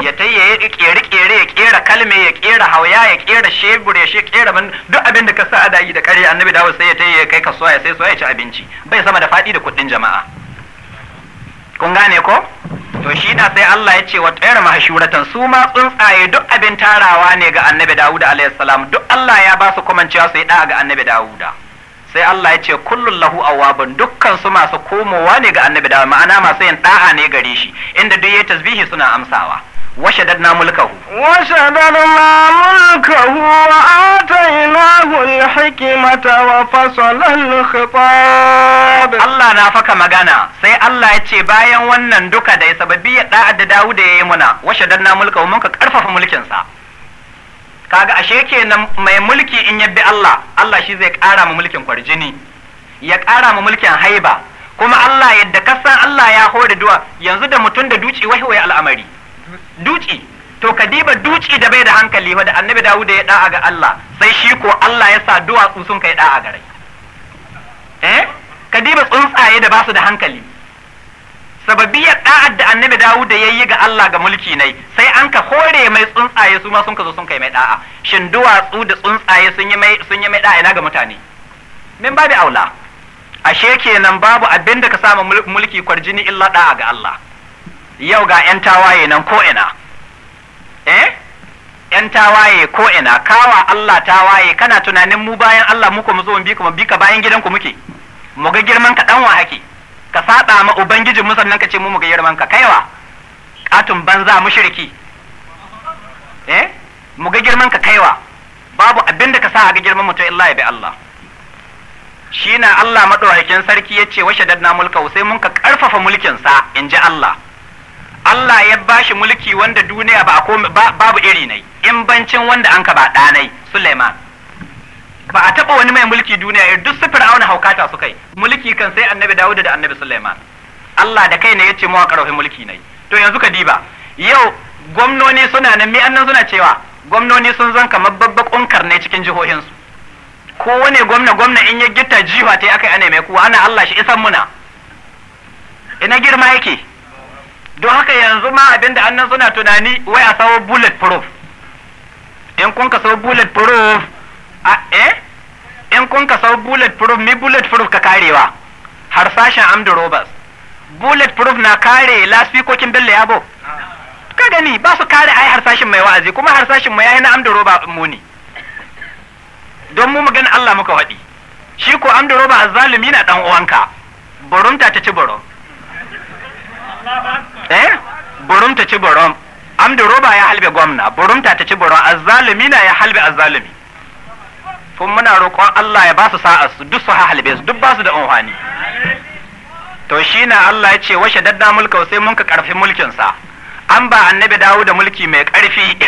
ya ta ya kere kere ya kera kalme ya kera hauya ya kera shebur ya kera ban duk abin da ka sa ada yi da kare annabi dawo sai ya ta ya kai kasuwa ya sai soya ya ci abinci bai sama da faɗi da kuɗin jama'a kun gane ko to shi na sai Allah ya ce wa tsayar mahshuratan su ma tsuntsaye duk abin tarawa ne ga annabi Dawud alaihi duk Allah ya ba su komancewa su yi da ga annabi Dawuda sai Allah ya ce kullun lahu awabun dukkan su masu komowa ne ga annabi Dawud ma'ana masu yin da'a ne gare shi inda duk yayi tasbihi suna amsawa وشددنا ملكه وشددنا ملكه وآتيناه الحكمة وفصل الخطاب الله نافك مغانا سي الله يتشي باين ونن دوكا داي سببية دا داود يمنا وشددنا ملكه ومنك ارفف ملكين Ka ga ashe kenan mai mulki in الله Allah Allah shi zai ƙara ma mulkin kwarjini ya ƙara ma mulkin haiba kuma Allah yadda kasan Allah ya hore duwa yanzu da mutum da duci wahi al'amari duci to ka diba duci da bai da hankali wanda annabi Dawud ya da'a ga Allah sai shi ko Allah ya sa duwatsu sun kai da'a gare eh ka diba tsuntsaye da basu da hankali sababiyar da'ar da annabi Dawud da yayi ga Allah ga mulki nai sai an ka hore mai tsuntsaye su ma sun ka zo sun kai mai da'a shin duwatsu da tsuntsaye sun yi mai sun yi mai da'a ina ga mutane min babu aula ashe kenan babu abinda ka samu mulki kwarjini illa da'a ga Allah yau ga 'yan tawaye nan ko'ina eh 'yan tawaye ko'ina kawa Allah tawaye kana tunanin mu bayan Allah muku mu zo bi kuma bi ka bayan gidanku muke mu ga girman ka dan wa haƙi ka saɗa ma ubangijin mu sannan ka ce mu mu ga girman ka kaiwa ƙatun banza shirki. eh mu ga girman ka kaiwa babu abin da ka sa ga girman mutum illa ya bi Allah shi na Allah maɗaukakin sarki ya ce washe dadna mulka sai mun ka ƙarfafa mulkinsa in ji Allah Allah ya ba shi mulki wanda duniya ba babu iri nai in bancin wanda an ka ba ɗanai Suleiman. ba a taɓa wani mai mulki duniya ya eh, duk su fir'auna haukata su kai mulki kan sai annabi Dawud da annabi Suleiman. Allah da kai ne ya ce mawa ƙarfi mulki nai to yanzu ka diba yau gwamnoni suna nan me annan suna cewa gwamnoni sun zan kamar ƙunkar ne cikin jihohinsu kowane gwamna gwamna in ya gita jiwa ta yi aka yi ana mai kuwa ana Allah shi isan muna ina girma yake don haka yanzu ma abinda annan suna tunani wai a sawo bullet proof in kun ka sawo bullet proof a eh in kun ka sawo bullet proof mi bullet proof ka karewa harsashen amdu robbers bullet proof na kare lasfikokin bello yabo ka gani ba su kare ai harsashin mai wa'azi kuma harsashin mai yayi na amdu roba ne don mu magana Allah muka waɗi shi ko amdu roba azzalumi na dan uwanka burunta ta ci burun eh burumta ci burum amdu roba ya halbe gwamna burumta ta ci burum na ya halbe azzalumi. kun muna roƙon Allah ya ba su sa'a su duk su halbe su duk ba su da unhani to shi na Allah ya ce washe dadda mulka sai mun ka karfi mulkinsa? an ba annabi dawo da mulki mai karfi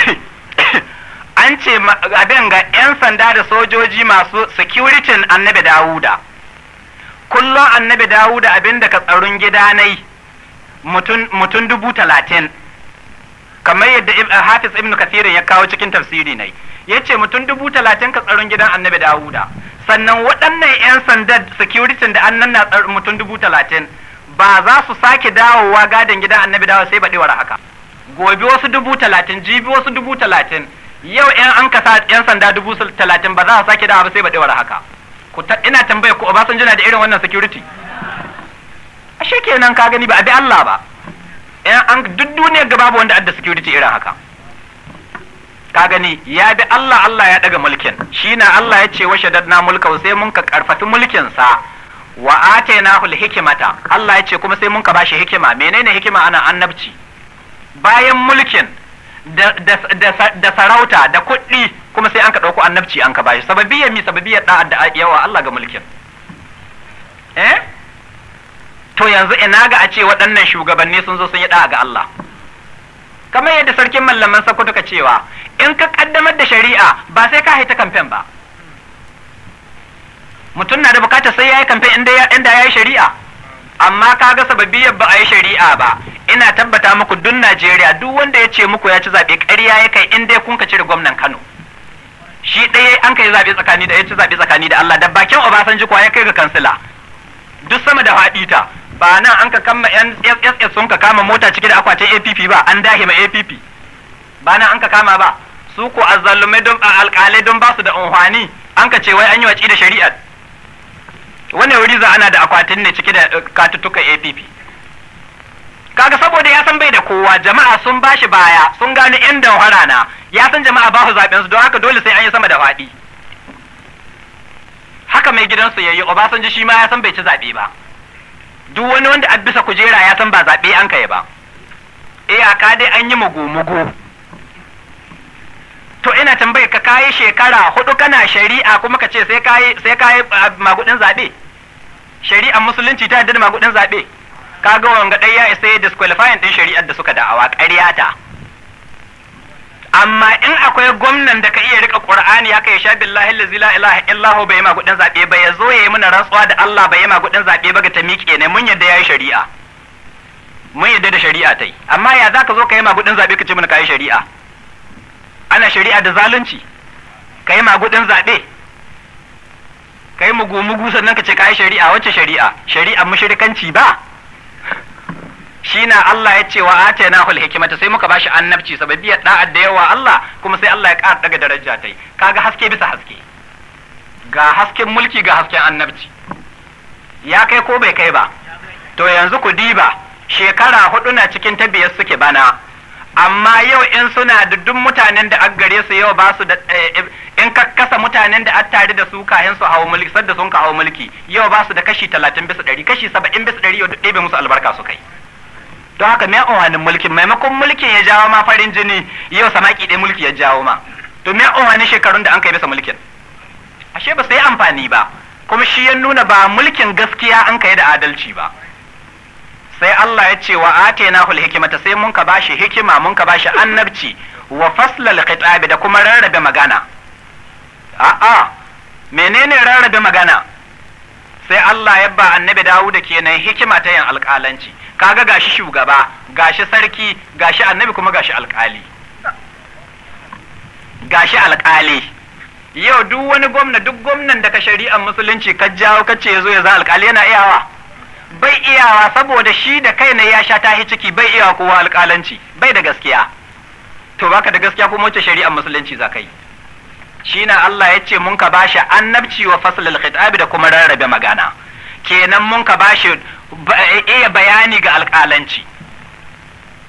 an ce abin ga 'yan sanda da sojoji masu security annabi dawuda kullum annabi dawuda abin da ka tsaron gida nai mutum dubu talatin kamar yadda eh, hafiz ibn kasirin ya kawo cikin tafsiri ne ya ce mutum dubu talatin ka tsaron gidan annabi dawuda sannan waɗannan 'yan sandar security da annan na mutum dubu talatin ba za su sake dawowa gadon gidan annabi dawuda sai baɗewar haka gobe wasu dubu talatin jibi wasu dubu talatin yau 'yan an kasa 'yan sanda dubu talatin ba za su sake dawowa sai baɗewar haka ina tambaya ba sun na da irin wannan security ashe kenan ka gani ba a bi Allah ba eh, an duk duniyar ga babu wanda adda security irin haka ka gani ya bi Allah Allah ya daga mulkin shi na Allah ya ce washe dadna mulka sai mun ka karfafi mulkin sa wa hul hikimata Allah ya ce kuma sai mun ka bashi hikima menene hikima ana annabci bayan mulkin da sarauta da kuɗi kuma sai an ka ɗauko annabci an ka bashi sababiyar mi sababiyar da'a da yawa Allah ga mulkin eh to yanzu ina ga a ce waɗannan shugabanni sun zo sun yi ɗa'a ga Allah kamar yadda sarkin mallaman sako ka cewa in ka kaddamar da shari'a ba sai ka haita kamfen ba mutum na da bukatar sai ya yi kamfen inda ya yi shari'a amma ka ga sababbiyar ba a yi shari'a ba ina tabbata muku duk Najeriya duk wanda ya ce muku ya ci zaɓe ƙarya ya kai in dai kun ka cire gwamnan Kano shi ɗaya an kai zaɓe tsakani da ya ci zaɓe tsakani da Allah da bakin Obasanjo kuwa ya kai ga kansila duk sama da haɗita ba nan an ka kama yan SSS sun ka kama mota cike da akwatin APP ba an dahe ma APP ba nan an ka kama ba su ko azzalumai don alƙalai don ba su da unhwani an ka ce wai an yi waci da shari'a wannan wuri za ana da akwatin ne cike da uh, katutuka APP kaga saboda ya san bai da kowa jama'a sun bashi baya sun gano yan da na ya san jama'a ba su zaben su don haka dole sai an yi sama da faɗi haka mai gidansu yayi Obasanjo shi ma ya san bai ci zaɓe ba duk wani wanda a bisa kujera ya san ba zaɓe an kai ba e ka dai an yi mago-mago to ina tambayar ka kayi shekara hudu kana shari'a kuma ka ce sai kayi sai kayi magudin zaɓe shari'ar musulunci ta yarda da magudin zaɓe ka ga wanga ɗaya ya isa ya disqualifying ɗin shari'ar da suka da'awa ƙarya ta amma in akwai gwamnan da ka iya rika qur'ani haka ya sha billahi la ilaha illahu bai ma gudin zabe ba ya zo yayi mana rantsuwa da Allah bai ma gudin zabe ba ga ta miƙe ne mun yadda yayi shari'a mun yadda da shari'a tai amma ya zaka zo ka yi ma gudin zabe ka ce mana kai shari'a ana shari'a da zalunci ka yi ma gudin zabe ka yi mugu mugu sannan ka ce kai shari'a wacce shari'a shari'a mushrikanci ba shi na Allah ya ce wa atayna hul hikimata sai muka bashi annabci sababiyar da'a da yawa Allah kuma sai Allah ya ƙara daga daraja ta yi kaga haske bisa haske ga hasken mulki ga hasken annabci ya kai ko bai kai ba to yanzu ku diba shekara hudu na cikin tabiyar suke bana amma yau in suna da duk mutanen da aggare su yau ba su da eh, eh, in ka kasa mutanen da an tare da su kayan su hawo mulki sadda sun ka hawo mulki yau ba su da kashi talatin bisa ɗari kashi saba'in bisa ɗari yau duk ɗebe musu albarka su kai to haka me ohanin mulkin maimakon mulkin ya jawo ma farin jini yau samaki ɗaya mulki ya jawo ma to me ohanin shekarun da an kai bisa mulkin ashe ba su yi amfani ba kuma shi ya nuna ba mulkin gaskiya an kai da adalci ba sai Allah ya ce wa atena hul hikimata sai mun ka bashi hikima mun ka bashi annabci wa faslal khitabi da kuma rarrabe magana a'a menene rarrabe magana sai Allah ya ba annabi Dawud kenan hikima ta yin alƙalanci kaga gashi shugaba gashi sarki gashi annabi kuma gashi alkali gashi alkali yau duk wani gwamna duk gwamnan da ka shari'ar musulunci ka jawo ka ce zo ya za alkali yana iyawa bai iyawa saboda shi da kai na ya sha tahi ciki bai iyawa kowa alkalanci bai da gaskiya to baka da gaskiya kuma wace shari'ar musulunci za ka yi shine Allah ya ce mun ka ba bashi annabci wa faslul khitabi da kuma rarrabe magana kenan mun ka bashi Eh, iya bayani ga alƙalanci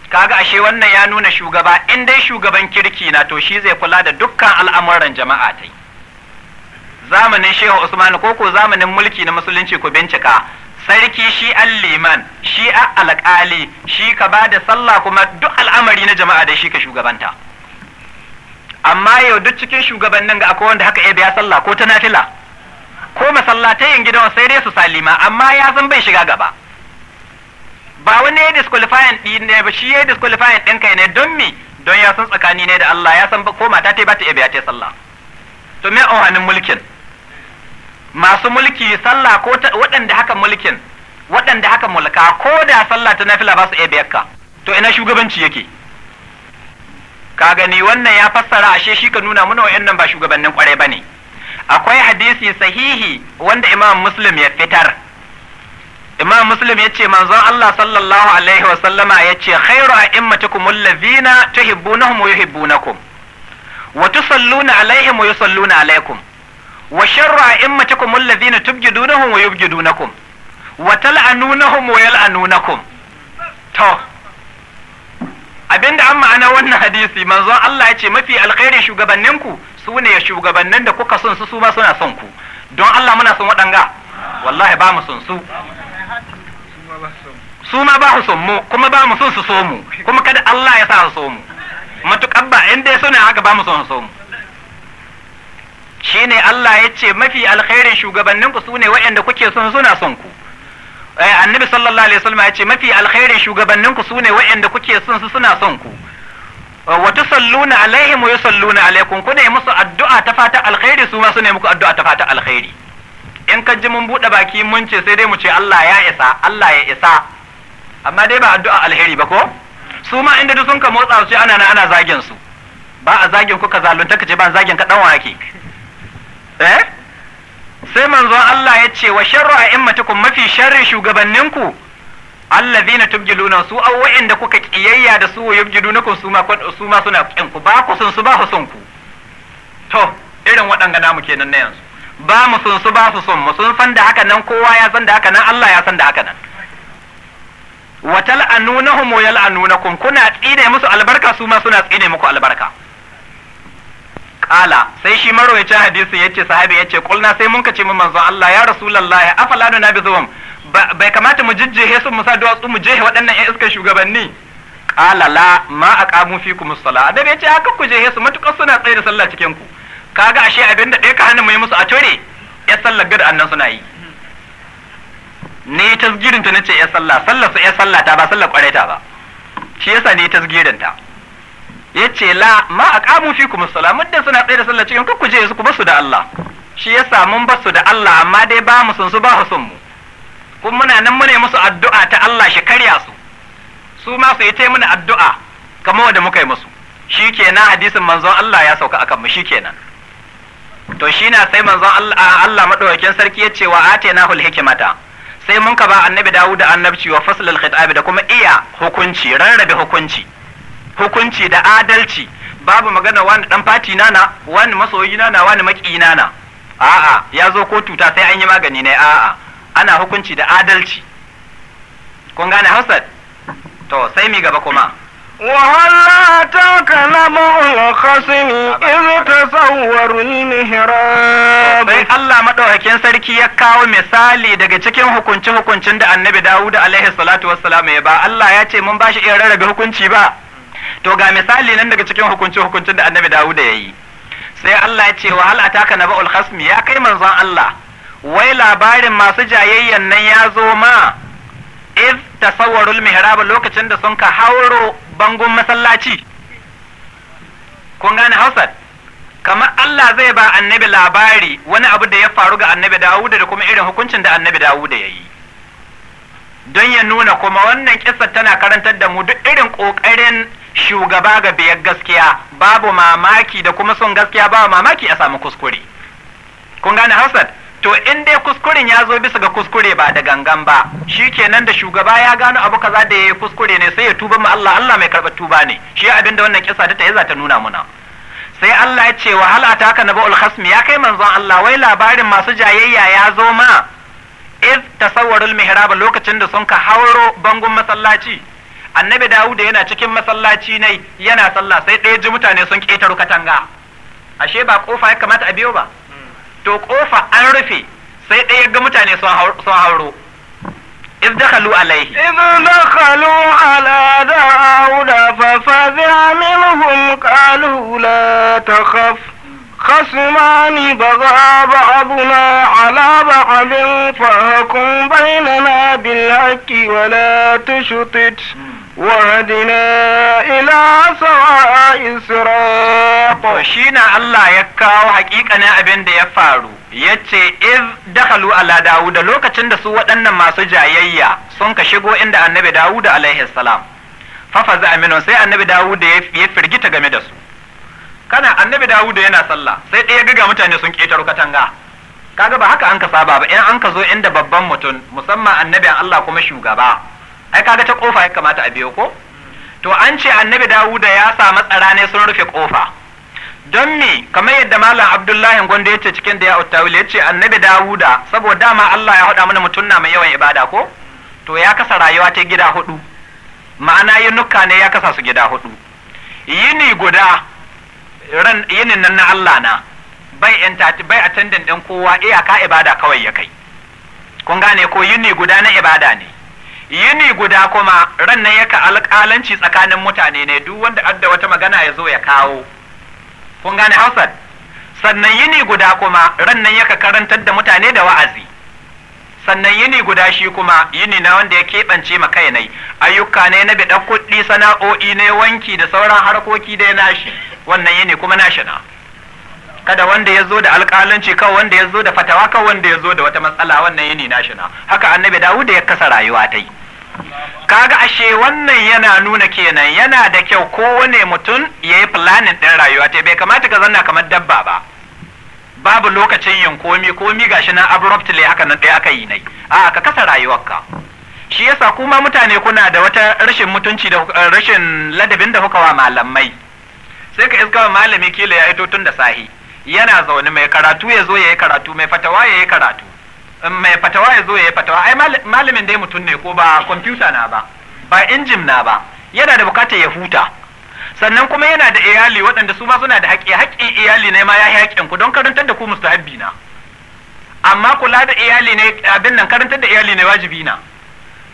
kaga ashe wannan ya nuna shugaba in dai shugaban kirki na to shi zai kula da dukkan al'amuran jama'a ta zamanin shehu usman ko ko zamanin mulki na musulunci ku bincika sarki shi an liman shi a alƙali shi ka ba da sallah kuma duk al'amari na jama'a da shi ka shugabanta amma yau duk cikin shugabannin ga akwai wanda haka ya biya sallah ko ta nafila ko masallatai in gidan sai dai su salima amma ya san bai shiga gaba ba wani ya disqualifying din ne ba shi ya disqualifying din kai ne don mi don ya san tsakani ne da Allah ya san ko mata ta ba ta iya ta sallah to me ohanin mulkin masu mulki sallah ko waɗanda haka mulkin waɗanda haka mulka ko da sallah ta nafila ba su iya ka to ina shugabanci yake ka gani wannan ya fassara ashe shi ka nuna mana wa'annan ba shugabannin kwarai bane ne akwai hadisi sahihi wanda imam muslim ya fitar imam muslim ya ce manzon Allah sallallahu alaihi wasallama ya ce khairu a'immatikum allazina tuhibbunahum wa yuhibbunakum wa tusalluna alaihim wa yusalluna alaikum wa sharru a'immatikum allazina tubjidunahum wa yubjidunakum wa tal'anunahum wa yal'anunakum to abinda an ma'ana wannan hadisi manzon Allah ya ce mafi alkhairin shugabanninku su ne shugabannin da kuka son su su ma suna son ku don Allah muna son waɗanga wallahi ba mu son su su ma ba su son mu kuma ba mu son su so mu kuma kada Allah ya sa su so mu matuƙar ba in dai suna haka ba mu son su so mu shine Allah ya ce mafi alkhairin shugabannin ku su ne waɗanda kuke son suna son ku eh, annabi sallallahu alaihi wasallam ya ce mafi alkhairin shugabannin ku su ne waɗanda kuke son su suna son ku wa tusalluna alaihim wa yusalluna alaikum ku ne musu addu'a ta fata alkhairi su ma su ne muku addu'a ta fata alkhairi in ka ji mun buɗe baki mun ce sai dai mu ce Allah ya isa Allah ya isa amma dai ba addu'a alheri ba ko su ma inda duk sun ka motsa su ana ana zagin su ba a zagin ku ka zalunta ka ce ban zagin ka dan wake eh sai manzon Allah ya ce wa sharru a'immatikum mafi sharri shugabanninku allazina tubjiluna su aw wa'inda kuka kiyayya da su wa su ma su ma suna kin ku ba ku sun su ba su sun ku to irin waɗanga namu kenan na yanzu ba mu sun su ba su sun mu sun san da haka nan kowa ya san da haka nan Allah ya san da haka nan wa tal'anunahum wa yal'anunakum kuna tsine musu albarka su ma suna tsine muku albarka kala sai shi marwayacin hadisi yace sahabi yace kulna sai mun kace mun manzo Allah ya rasulullahi afala nunabizuhum bai kamata mu jijjihe su musa duwatsu mu jehe waɗannan ƴan iskar shugabanni qala la ma aqamu fikum as musala. annabi bai ce haka ah, ku jehe su matuƙar suna tsaye da sallah cikin ku kaga ashe abin da ɗaya ka hana mu yi musu a tore Ƴan sallar gada annan suna yi ne tasgirin ta ce ƴan sallah sallar su ƴan sallah ta ba sallar ƙwarai ta ba shi yasa ne tasgirin ta ce la ma aqamu fikum as musala. muddin suna tsaye da sallah cikin ku ku jehe su ku basu da Allah shi yasa mun basu da Allah amma dai ba mu sun su ba su mu kuma muna nan mune musu addu'a ta Allah shi karya su su ma su yi ta muna addu'a kama wanda muka yi musu Shi na hadisin manzon Allah ya sauka akan mu nan. to shi na sai manzon Allah Allah sarki ya ce wa hul hikimata sai mun ka ba annabi Dawud da annabci wa faslul khitabi da kuma iya hukunci rarrabe hukunci hukunci da adalci babu magana wani dan fati nana wani masoyi nana wani maki nana a'a ya zo kotu ta sai an yi magani ne a'a ana hukunci da adalci kun gane hausar to sai mi gaba kuma Wahala وهل أتاك نبأ الخصم إذ تصوروا المهراب sai Allah madaukakin sarki ya kawo misali daga cikin hukunci hukuncin da Annabi Dawuda alaihi salatu wassalam ya ba Allah ya ce mun bashi iya rarrabe hukunci ba to ga misali nan daga cikin hukunci hukuncin da Annabi Dawuda ya yi sai Allah ya ce wa hal ataka naba'ul khasmi ya kai manzon Allah wai labarin masu jayayyan nan ya zo ma iz tasawwarul mihrab lokacin da sun ka hauro bangon masallaci kun gane Hausar kamar Allah zai ba annabi labari wani abu da ya faru ga annabi Dawuda da kuma irin hukuncin da annabi Dawuda ya yi don ya nuna kuma wannan kisa tana karantar da mu duk irin kokarin shugaba ga biyar gaskiya babu mamaki da kuma son gaskiya babu mamaki a samu kuskure kun gane Hausar to in dai kuskuren ya zo bisa ga kuskure ba da gangan ba shi kenan da shugaba ya gano abu kaza da ya kuskure ne sai ya tuba ma Allah Allah mai karɓar tuba ne shi abinda wannan kisa ta ta za ta nuna muna sai Allah ya ce wa hal ataka nabul khasmi ya kai manzon Allah wai labarin masu jayayya ya zo ma iz tasawwarul mihrab lokacin da sun ka hauro bangon masallaci annabi Dawud yana cikin masallaci ne yana sallah sai ɗaya ji mutane sun ketaru katanga ashe ba kofa ya kamata a biyo ba to kofa an rufe sai ɗaya yaga mutane sun hauro. Is da kalu alai. Is da kalu ala da auna fafa zira mini hun kalula ta kaf. Kasuma ni ba za ba abu na ala abin fa kun bayyana bin haƙƙi wala tushutit. وهدنا إلى سواء الصراط شينا الله يكاو حقيقة أبين دي يفارو yace iz dakhalu ala dauda lokacin da su waɗannan masu jayayya sun ka shigo inda annabi dawuda alaihi salam fa aminu sai annabi dawuda ya firgita game da su kana annabi dawuda yana sallah sai ɗaya gaga mutane sun ƙetaro katanga kaga ba haka an ka saba ba in an ka zo inda babban mutum musamman annabi Allah kuma shugaba ai kaga ta kofa ya kamata a biyo ko to an ce annabi dawuda ya samu tsara ne sun rufe kofa don me kamar yadda malam abdullahi gondo ya ce cikin da ya uttawil ya ce annabi dawuda saboda dama allah ya haɗa mana mutum na mai yawan ibada ko to ya kasa rayuwa ta gida hudu ma'ana yinuka ne ya kasa su gida hudu yini guda ran yinin nan na allah na bai entati bai attendant din kowa iyaka ibada kawai ya kai kun gane ko yini guda na ibada ne yini guda kuma rannan nan yaka alƙalanci tsakanin mutane ne duk wanda adda wata magana ya zo ya kawo kun gane hausar sannan yini guda kuma rannan nan yaka karantar da mutane da wa'azi sannan yini guda shi kuma yini na wanda ya keɓance ma kai nai ayyuka ne na biɗa kuɗi sana'o'i ne wanki da sauran harkoki da ya nashi wannan yini kuma nashi na kada wanda ya zo da alƙalanci kawai wanda ya zo da fatawa kawai wanda ya zo da wata matsala wannan yini na haka annabi dawud ya kasa rayuwa ta yi kaga ashe wannan yana nuna kenan yana da kyau kowane mutum ya yi planning ɗin rayuwa ta bai kamata ka zanna kamar dabba ba babu lokacin yin komi komi gashi nan abruptly haka nan ɗaya aka yi nai a ka kasa rayuwarka shi yasa kuma mutane kuna da wata rashin mutunci da eh, rashin ladabin da kuka wa malamai sai ka iska malami kila ya ito tun da sahi yana zaune mai karatu ya zo ya yi karatu mai fatawa ya yi karatu mai fatawa ya zo ya yi fatawa ai malamin dai mutum ne ko ba kwamfuta na ba ba injin na ba yana da bukatar ya huta sannan kuma yana da iyali waɗanda su ma suna da haƙƙi haƙƙin iyali ne ma ya yi haƙƙin ku don karantar da ku mustahabbi na amma kula da iyali ne abin nan karantar da iyali ne wajibi na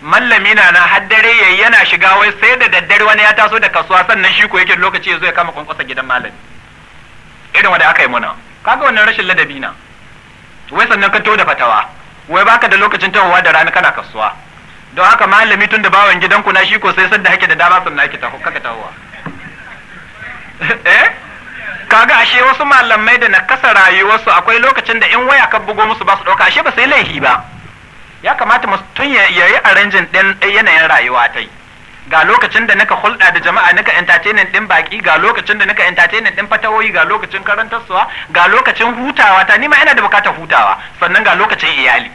mallami na na haddare yayi yana shiga wai sai da daddare wani ya taso da kasuwa sannan shi ko yake lokaci ya zo ya kama kwankwasa gidan malami irin wanda aka yi muna kaga wannan rashin ladabi na wai sannan ka to da fatawa wai baka da lokacin tawowa da rana kana kasuwa don haka malami tun da bawan gidanku na shi ko sai sadda hake da dama sannan ake taho kaka tawowa eh kaga ashe wasu malamai da na kasa rayuwarsu akwai lokacin da in waya ka bugo musu ba su dauka ashe ba sai laifi ba ya kamata mu ya yi arrangement din yanayin rayuwa ta yi ga lokacin da naka hulɗa da jama'a naka entertainment din baki ga lokacin da naka entertainment din fatawoyi ga lokacin karantarsuwa ga lokacin hutawa ta nima ina da bukatar hutawa sannan ga lokacin iyali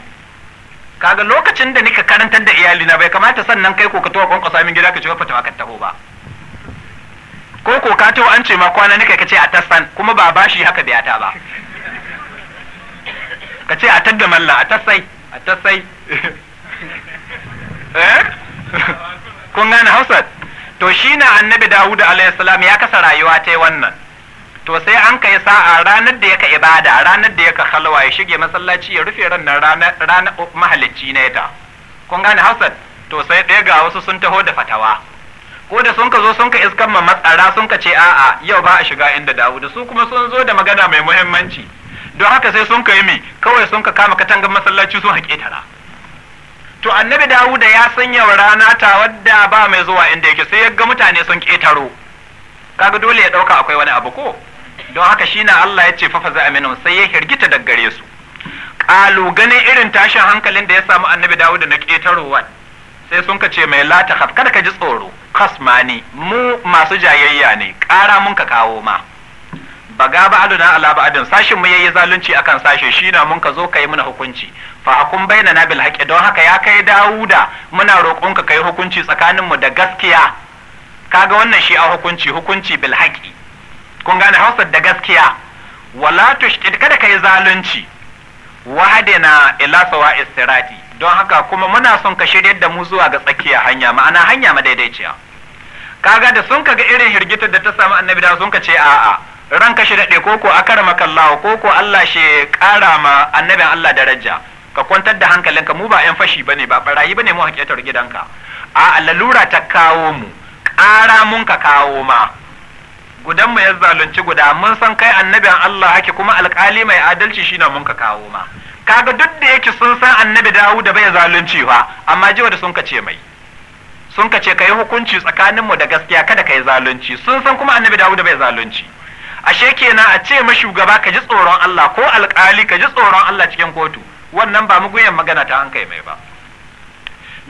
kaga lokacin da nika karantar da iyali na bai kamata sannan kai ko ka tawa kwankwasa min gida ka ci fatawa ka taho ba ko ko ka tawo an ce ma kwana nika ka ce a tassan kuma ba bashi haka biya ta ba ka ce a tadda malla a tassai a tassai eh kun gane Hausa to shi na annabi Dawud alaihi ya kasa rayuwa ta yi wannan to sai an kai sa'a ranar da yaka ibada ranar da yaka halwa ya shige masallaci ya rufe ran ranar ranar mahalicci ne ta kun gane Hausa to sai ɗaya ga wasu sun taho da fatawa ko da sun ka zo sun ka iskan ma matsara sun ka ce a'a yau ba a shiga inda Dawud su kuma sun zo da magana mai muhimmanci don haka sai sun ka yi mi kawai sun ka kama katangar masallaci sun haƙe tara to annabi dawuda ya sanya wa rana ta wadda ba mai zuwa inda yake sai ya ga mutane sun ƙetaro kaga dole ya ɗauka akwai wani abu ko don haka shi na Allah ya ce fafa aminu sai ya hirgita da gare su ƙalu ganin irin tashin hankalin da ya samu annabi dawuda na ƙetarowa sai sun ka ce mai lata kada ka ji tsoro kasmani mu masu jayayya ne ƙara mun ka kawo ma baga ba'aduna ala ba'adin sashin mu yayi zalunci akan sashe shi na mun ka zo kai muna hukunci fa hukum bainana bil haqqi don haka ya kai Dawuda muna roƙon ka kai hukunci tsakanin mu da gaskiya kaga wannan shi a hukunci hukunci bil haqqi kun gane Hausa da gaskiya wala tushkid kada kai zalunci wahadina ila sawa istirati don haka kuma muna son ka shiryar da mu zuwa ga tsakiya hanya ma'ana hanya madaidaiciya kaga da sun kaga irin hirgitar da ta samu annabi da sun ka ce a'a ran ka shi daɗe ko ko akarama Allah ko ko Allah shi ƙara ma annabin Allah daraja ka kwantar da hankalinka mu ba 'yan fashi bane ba barayi bane mu haƙetar gidanka a lalura ta kawo mu ƙara mun ka kawo ma gudan mu ya zalunci guda mun san kai annabin Allah hake kuma alƙali mai adalci shine mun ka kawo ma kaga duk da yake sun san annabi da bai zalunci ba amma jiwa da sun ka mai sun ka kai hukunci tsakaninmu da gaskiya kada kai zalunci sun san kuma annabi da bai zalunci ashe kenan a ce mashugaba ka ji tsoron Allah ko alƙali ka ji tsoron Allah cikin kotu wannan ba muguyan magana ta an kai mai ba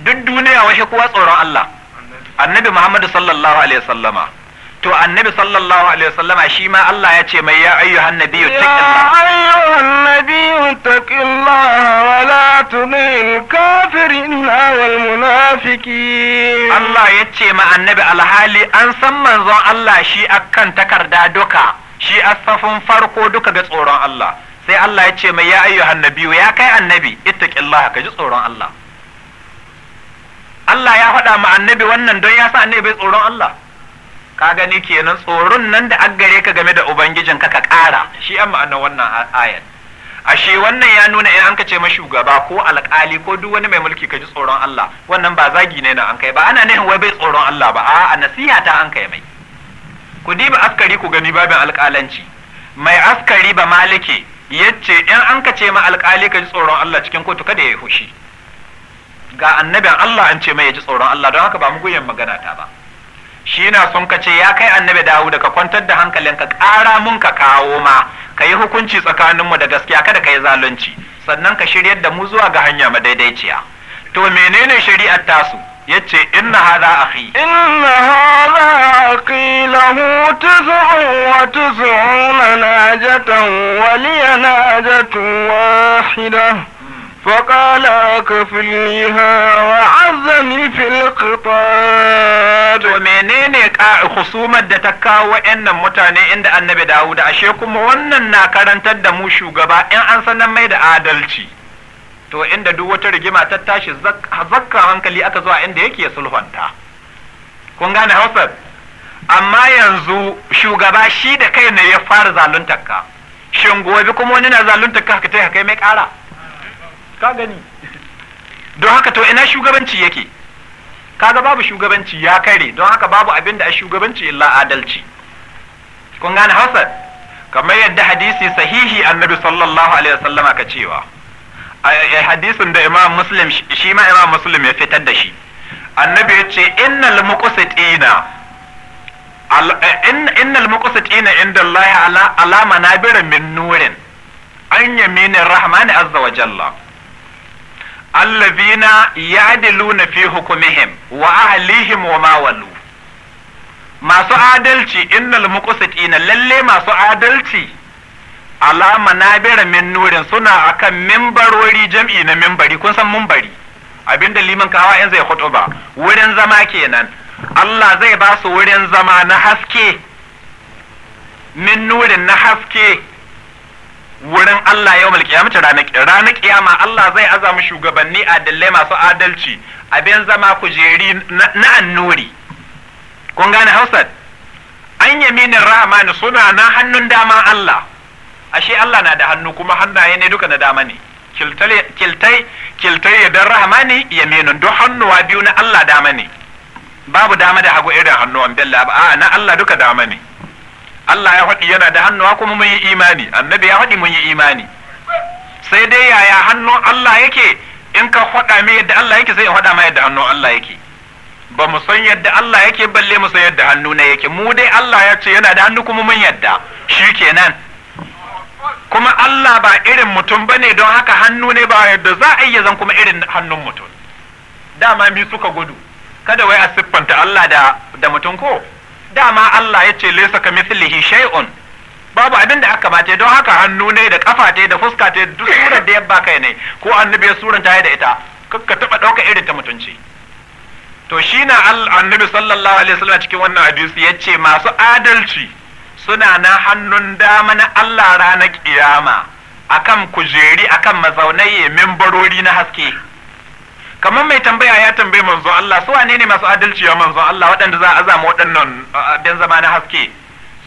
duk duniya washe kuwa tsoron Allah annabi Muhammadu sallallahu alaihi wasallama to annabi sallallahu alaihi wasallama shi ma Allah ya ce mai ya ayyuhan nabiyyu taqillah ya ayyuhan nabiyyu taqillah wa la tudil kafirin wal Allah ya ce ma annabi alhali an san manzon Allah shi akan takarda doka shi asafin farko duka ga tsoron Allah sai Allah ya ce mai ya ayyu nabiyu ya kai annabi Allah ka ji tsoron Allah Allah ya faɗa ma annabi wannan don ya sa annabi bai tsoron Allah ka gani kenan tsoron nan da aggare ka game da ubangijin ka ka ƙara shi an ma'ana wannan ayat ashe wannan ya nuna in an ka ce shugaba ko alƙali ko duk wani mai mulki ka ji tsoron Allah wannan ba zagi ne na an kai ba ana nihin wai bai tsoron Allah ba a'a nasiha ta an kai mai ku diba askari ku gani babin alƙalanci mai askari ba maliki yace in an ka ce ma alƙali ka ji tsoron Allah cikin kotu kada ya yi hushi ga annabin Allah an ce mai ya ji tsoron Allah don haka ba mu guyen magana ta ba shi na son ka ce ya kai annabi dawo ka kwantar da hankalin ka ƙara mun ka kawo ma ka yi hukunci mu da gaskiya kada ka yi zalunci sannan ka shiryar da mu zuwa ga hanya madaidaiciya to menene shari'ar tasu yace in na hada aƙi. in na hada aƙi lahutu sun wani na jetun wani wa shi da faɗa da aka fi liha wa azami fili kaɓa. dominene ka'u kusumar da ta kawo wannan mutanen inda annabi naɓe dawo da ashe kuma wannan na karantar da mu shugaba in an sanan mai da adalci. to inda duk wata rigima ta tashi zakka hankali aka zuwa inda yake sulhunta kun gane Hausa? amma yanzu shugaba shi da kai ne ya fara zaluntar ka shin gobe kuma wani na zaluntar ka haka ta kai mai kara ka gani don haka to ina shugabanci yake kaga babu shugabanci ya kare don haka babu abin da a shugabanci illa adalci kun gane hausa kamar yadda hadisi sahihi annabi sallallahu alaihi wasallama ka cewa Eh, hadisin da imam muslim shi ma imam muslim ya fitar da shi annabi ya ce innal muqsitina eh, innal muqsitina inda Allah ala ala manabir min nurin an yaminin rahmani azza wa jalla allazina ya'diluna fi hukumihim wa ahlihim wa ma walu masu adalci innal muqsitina lalle masu adalci alama bera min nurin suna akan mimbarori jam'i na mimbari kun san mimbari abinda liman kawa in zai hudu ba wurin zama kenan Allah zai ba su wurin zama na haske min nurin na haske wurin Allah yau mulki ya mace ranar kiyama Allah zai azamu shugabanni adalai masu adalci abin zama kujeri na annuri kun gane hausar an yaminin rahmani suna na hannun dama Allah ashe Allah na da hannu kuma hannaye ne duka na dama ne kiltai kiltai ya dan ya yaminun don hannuwa biyu na Allah dama ne babu dama da hagu irin hannuwan bella ba a na Allah duka dama ne Allah ya faɗi yana da hannuwa kuma mun yi imani annabi ya faɗi mun yi imani sai dai yaya hannun Allah yake in ka faɗa mai yadda Allah yake sai in faɗa mai yadda hannun Allah yake ba mu san yadda Allah yake balle mu san yadda hannu na yake mu dai Allah ya ce yana da hannu kuma mun yadda shi kenan. kuma Allah ba irin mutum bane don haka hannu ne ba yadda za a iya zan kuma irin hannun mutum dama mi suka gudu kada wai a siffanta Allah da mutum ko dama Allah ya ce laysa ka mithlihi shai'un. babu abin da aka mace don haka hannu ne da kafa ta da fuska ta duk surar da yabba kai ne ko annabi ya suranta da ita kakka taba ɗauka irin ta mutunci to shi na annabi sallallahu alaihi wasallam cikin wannan hadisi yace masu adalci suna na hannun dama na Allah ranar kiyama akan kujeri akan mazaunai mimbarori na haske kamar mai tambaya ya tambaye manzo Allah su wane ne masu adalci ya manzo Allah waɗanda za a azama waɗannan dan zama na haske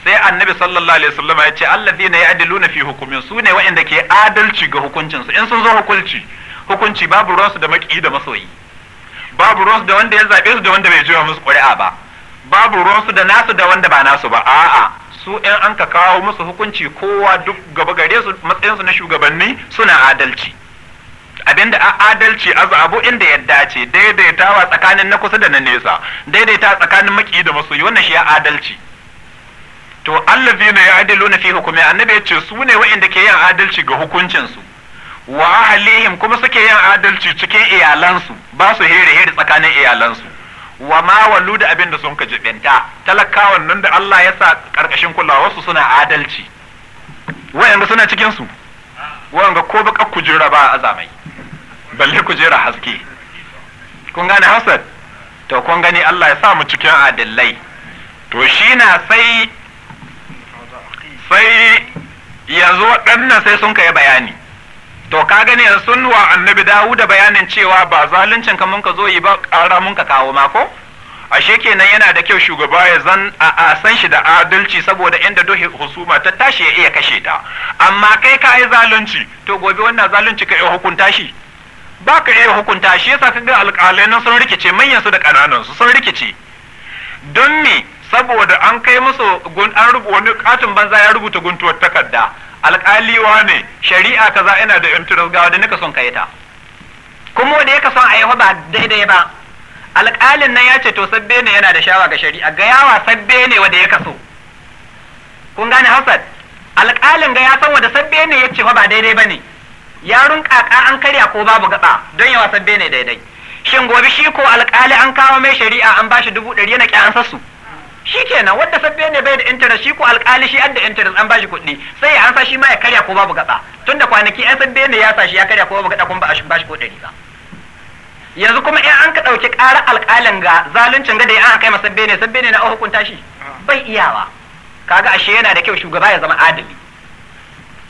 sai annabi sallallahu alaihi wasallam ya ce allazina ya'diluna fi hukumin su ne waɗanda ke adalci ga hukuncin su in sun zo hukunci hukunci babu ruwansu da maki da masoyi babu ruwansu da wanda ya zabe su da wanda bai jiwa musu ƙuri'a ba babu ruwansu da nasu da wanda ba nasu ba a'a su in an ka kawo musu hukunci kowa duk gaba gare su matsayinsu na shugabanni suna adalci abinda a adalci a abu inda ya dace daidaitawa tsakanin na kusa da na nesa daidaita tsakanin maki da masu yi wannan shi ya adalci to ya allazina na fi hukumi annabi ya ce su ne wa'inda ke yin adalci ga hukuncinsu wa ahlihim kuma suke yin adalci cikin iyalansu ba su here here tsakanin iyalansu wa ma wallu da abin da sun ka jibinta talakawan nan da Allah ya sa karkashin kulawa su suna adalci wayanda suna cikin su wanga ko baka kujera ba azamai balle kujera haske kun gane hasad to kun gani Allah ya sa mu cikin adillai to shi na sai sai yanzu waɗannan sai sun kai bayani to ka gane sun wa annabi dawuda bayanin cewa ba zaluncin ka mun ka zo yi ba ƙara mun ka kawo mako ashe kenan yana da kyau shugaba ya zan a san shi da adalci saboda inda dohi husuma ta tashi ya iya kashe ta amma kai ka yi zalunci to gobe wannan zalunci ka iya hukunta shi ba ka iya hukunta shi yasa ka ga alƙalai nan sun rikice manyan su da ƙananan su sun rikice don me saboda an kai musu an rubuta wani katin banza ya rubuta guntuwar takarda alƙaliwa ne shari'a kaza ina da interest gawa da nika son kai ta kuma wanda yaka son ayi ba daidai ba alƙalin nan ya ce to sabbe ne yana da shawa ga shari'a ga yawa sabbe ne wanda yaka so kun gane hasad alƙalin ga ya san wanda sabbe ne ce fa ba daidai ba ya yarun kaka an karya ko babu gaba don yawa sabbe ne daidai shin gobe shi ko alƙali an kawo mai shari'a an bashi dubu ɗari yana ƙi an shi kenan wanda sabbe ne bai da interest shi ko alkali shi an da interest an bashi kuɗi sai ya ansa shi ma ya karya ko babu gatsa tunda kwanaki an sabbe ne ya sa shi ya karya ko babu gatsa kuma ba a bashi ko ɗari ba yanzu kuma in an ka ɗauki ƙara alƙalin ga zaluncin ga da ya an kai masa sabbe ne sabbe ne na hukunta shi bai iyawa kaga ashe yana da kyau shugaba ya zama adali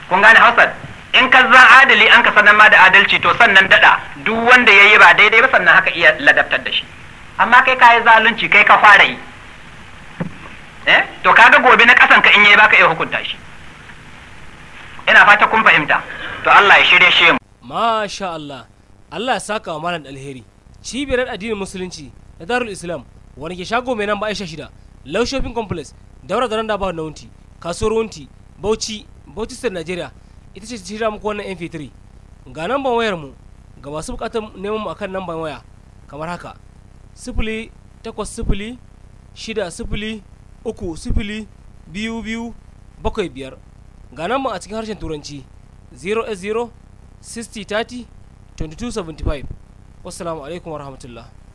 kun gane hausar in ka zan adali an ka sanar ma da adalci to sannan dada duk wanda ya yi ba daidai ba sannan haka iya ladabtar da shi amma kai ka yi zalunci kai ka fara yi eh to kaga gobe na kasan ka in yayi baka iya hukunta shi ina fata kun fahimta to Allah ya shirye shi masha Allah Allah ya saka wa malam alheri cibiyar addinin musulunci da darul islam wani ke shago mai nan ba aisha shida low shopping complex daura da randa ba na wunti kasuwar wunti bauchi bauchi state nigeria ita ce shirya muku wannan mp3 ga namban wayar mu ga masu bukatar neman mu akan namban waya kamar haka sifili takwas sifili shida sifili uku sifili biyu biyu bakwai biyar ga nan a cikin harshen turanci 080 60 30 2275 wasu alaikum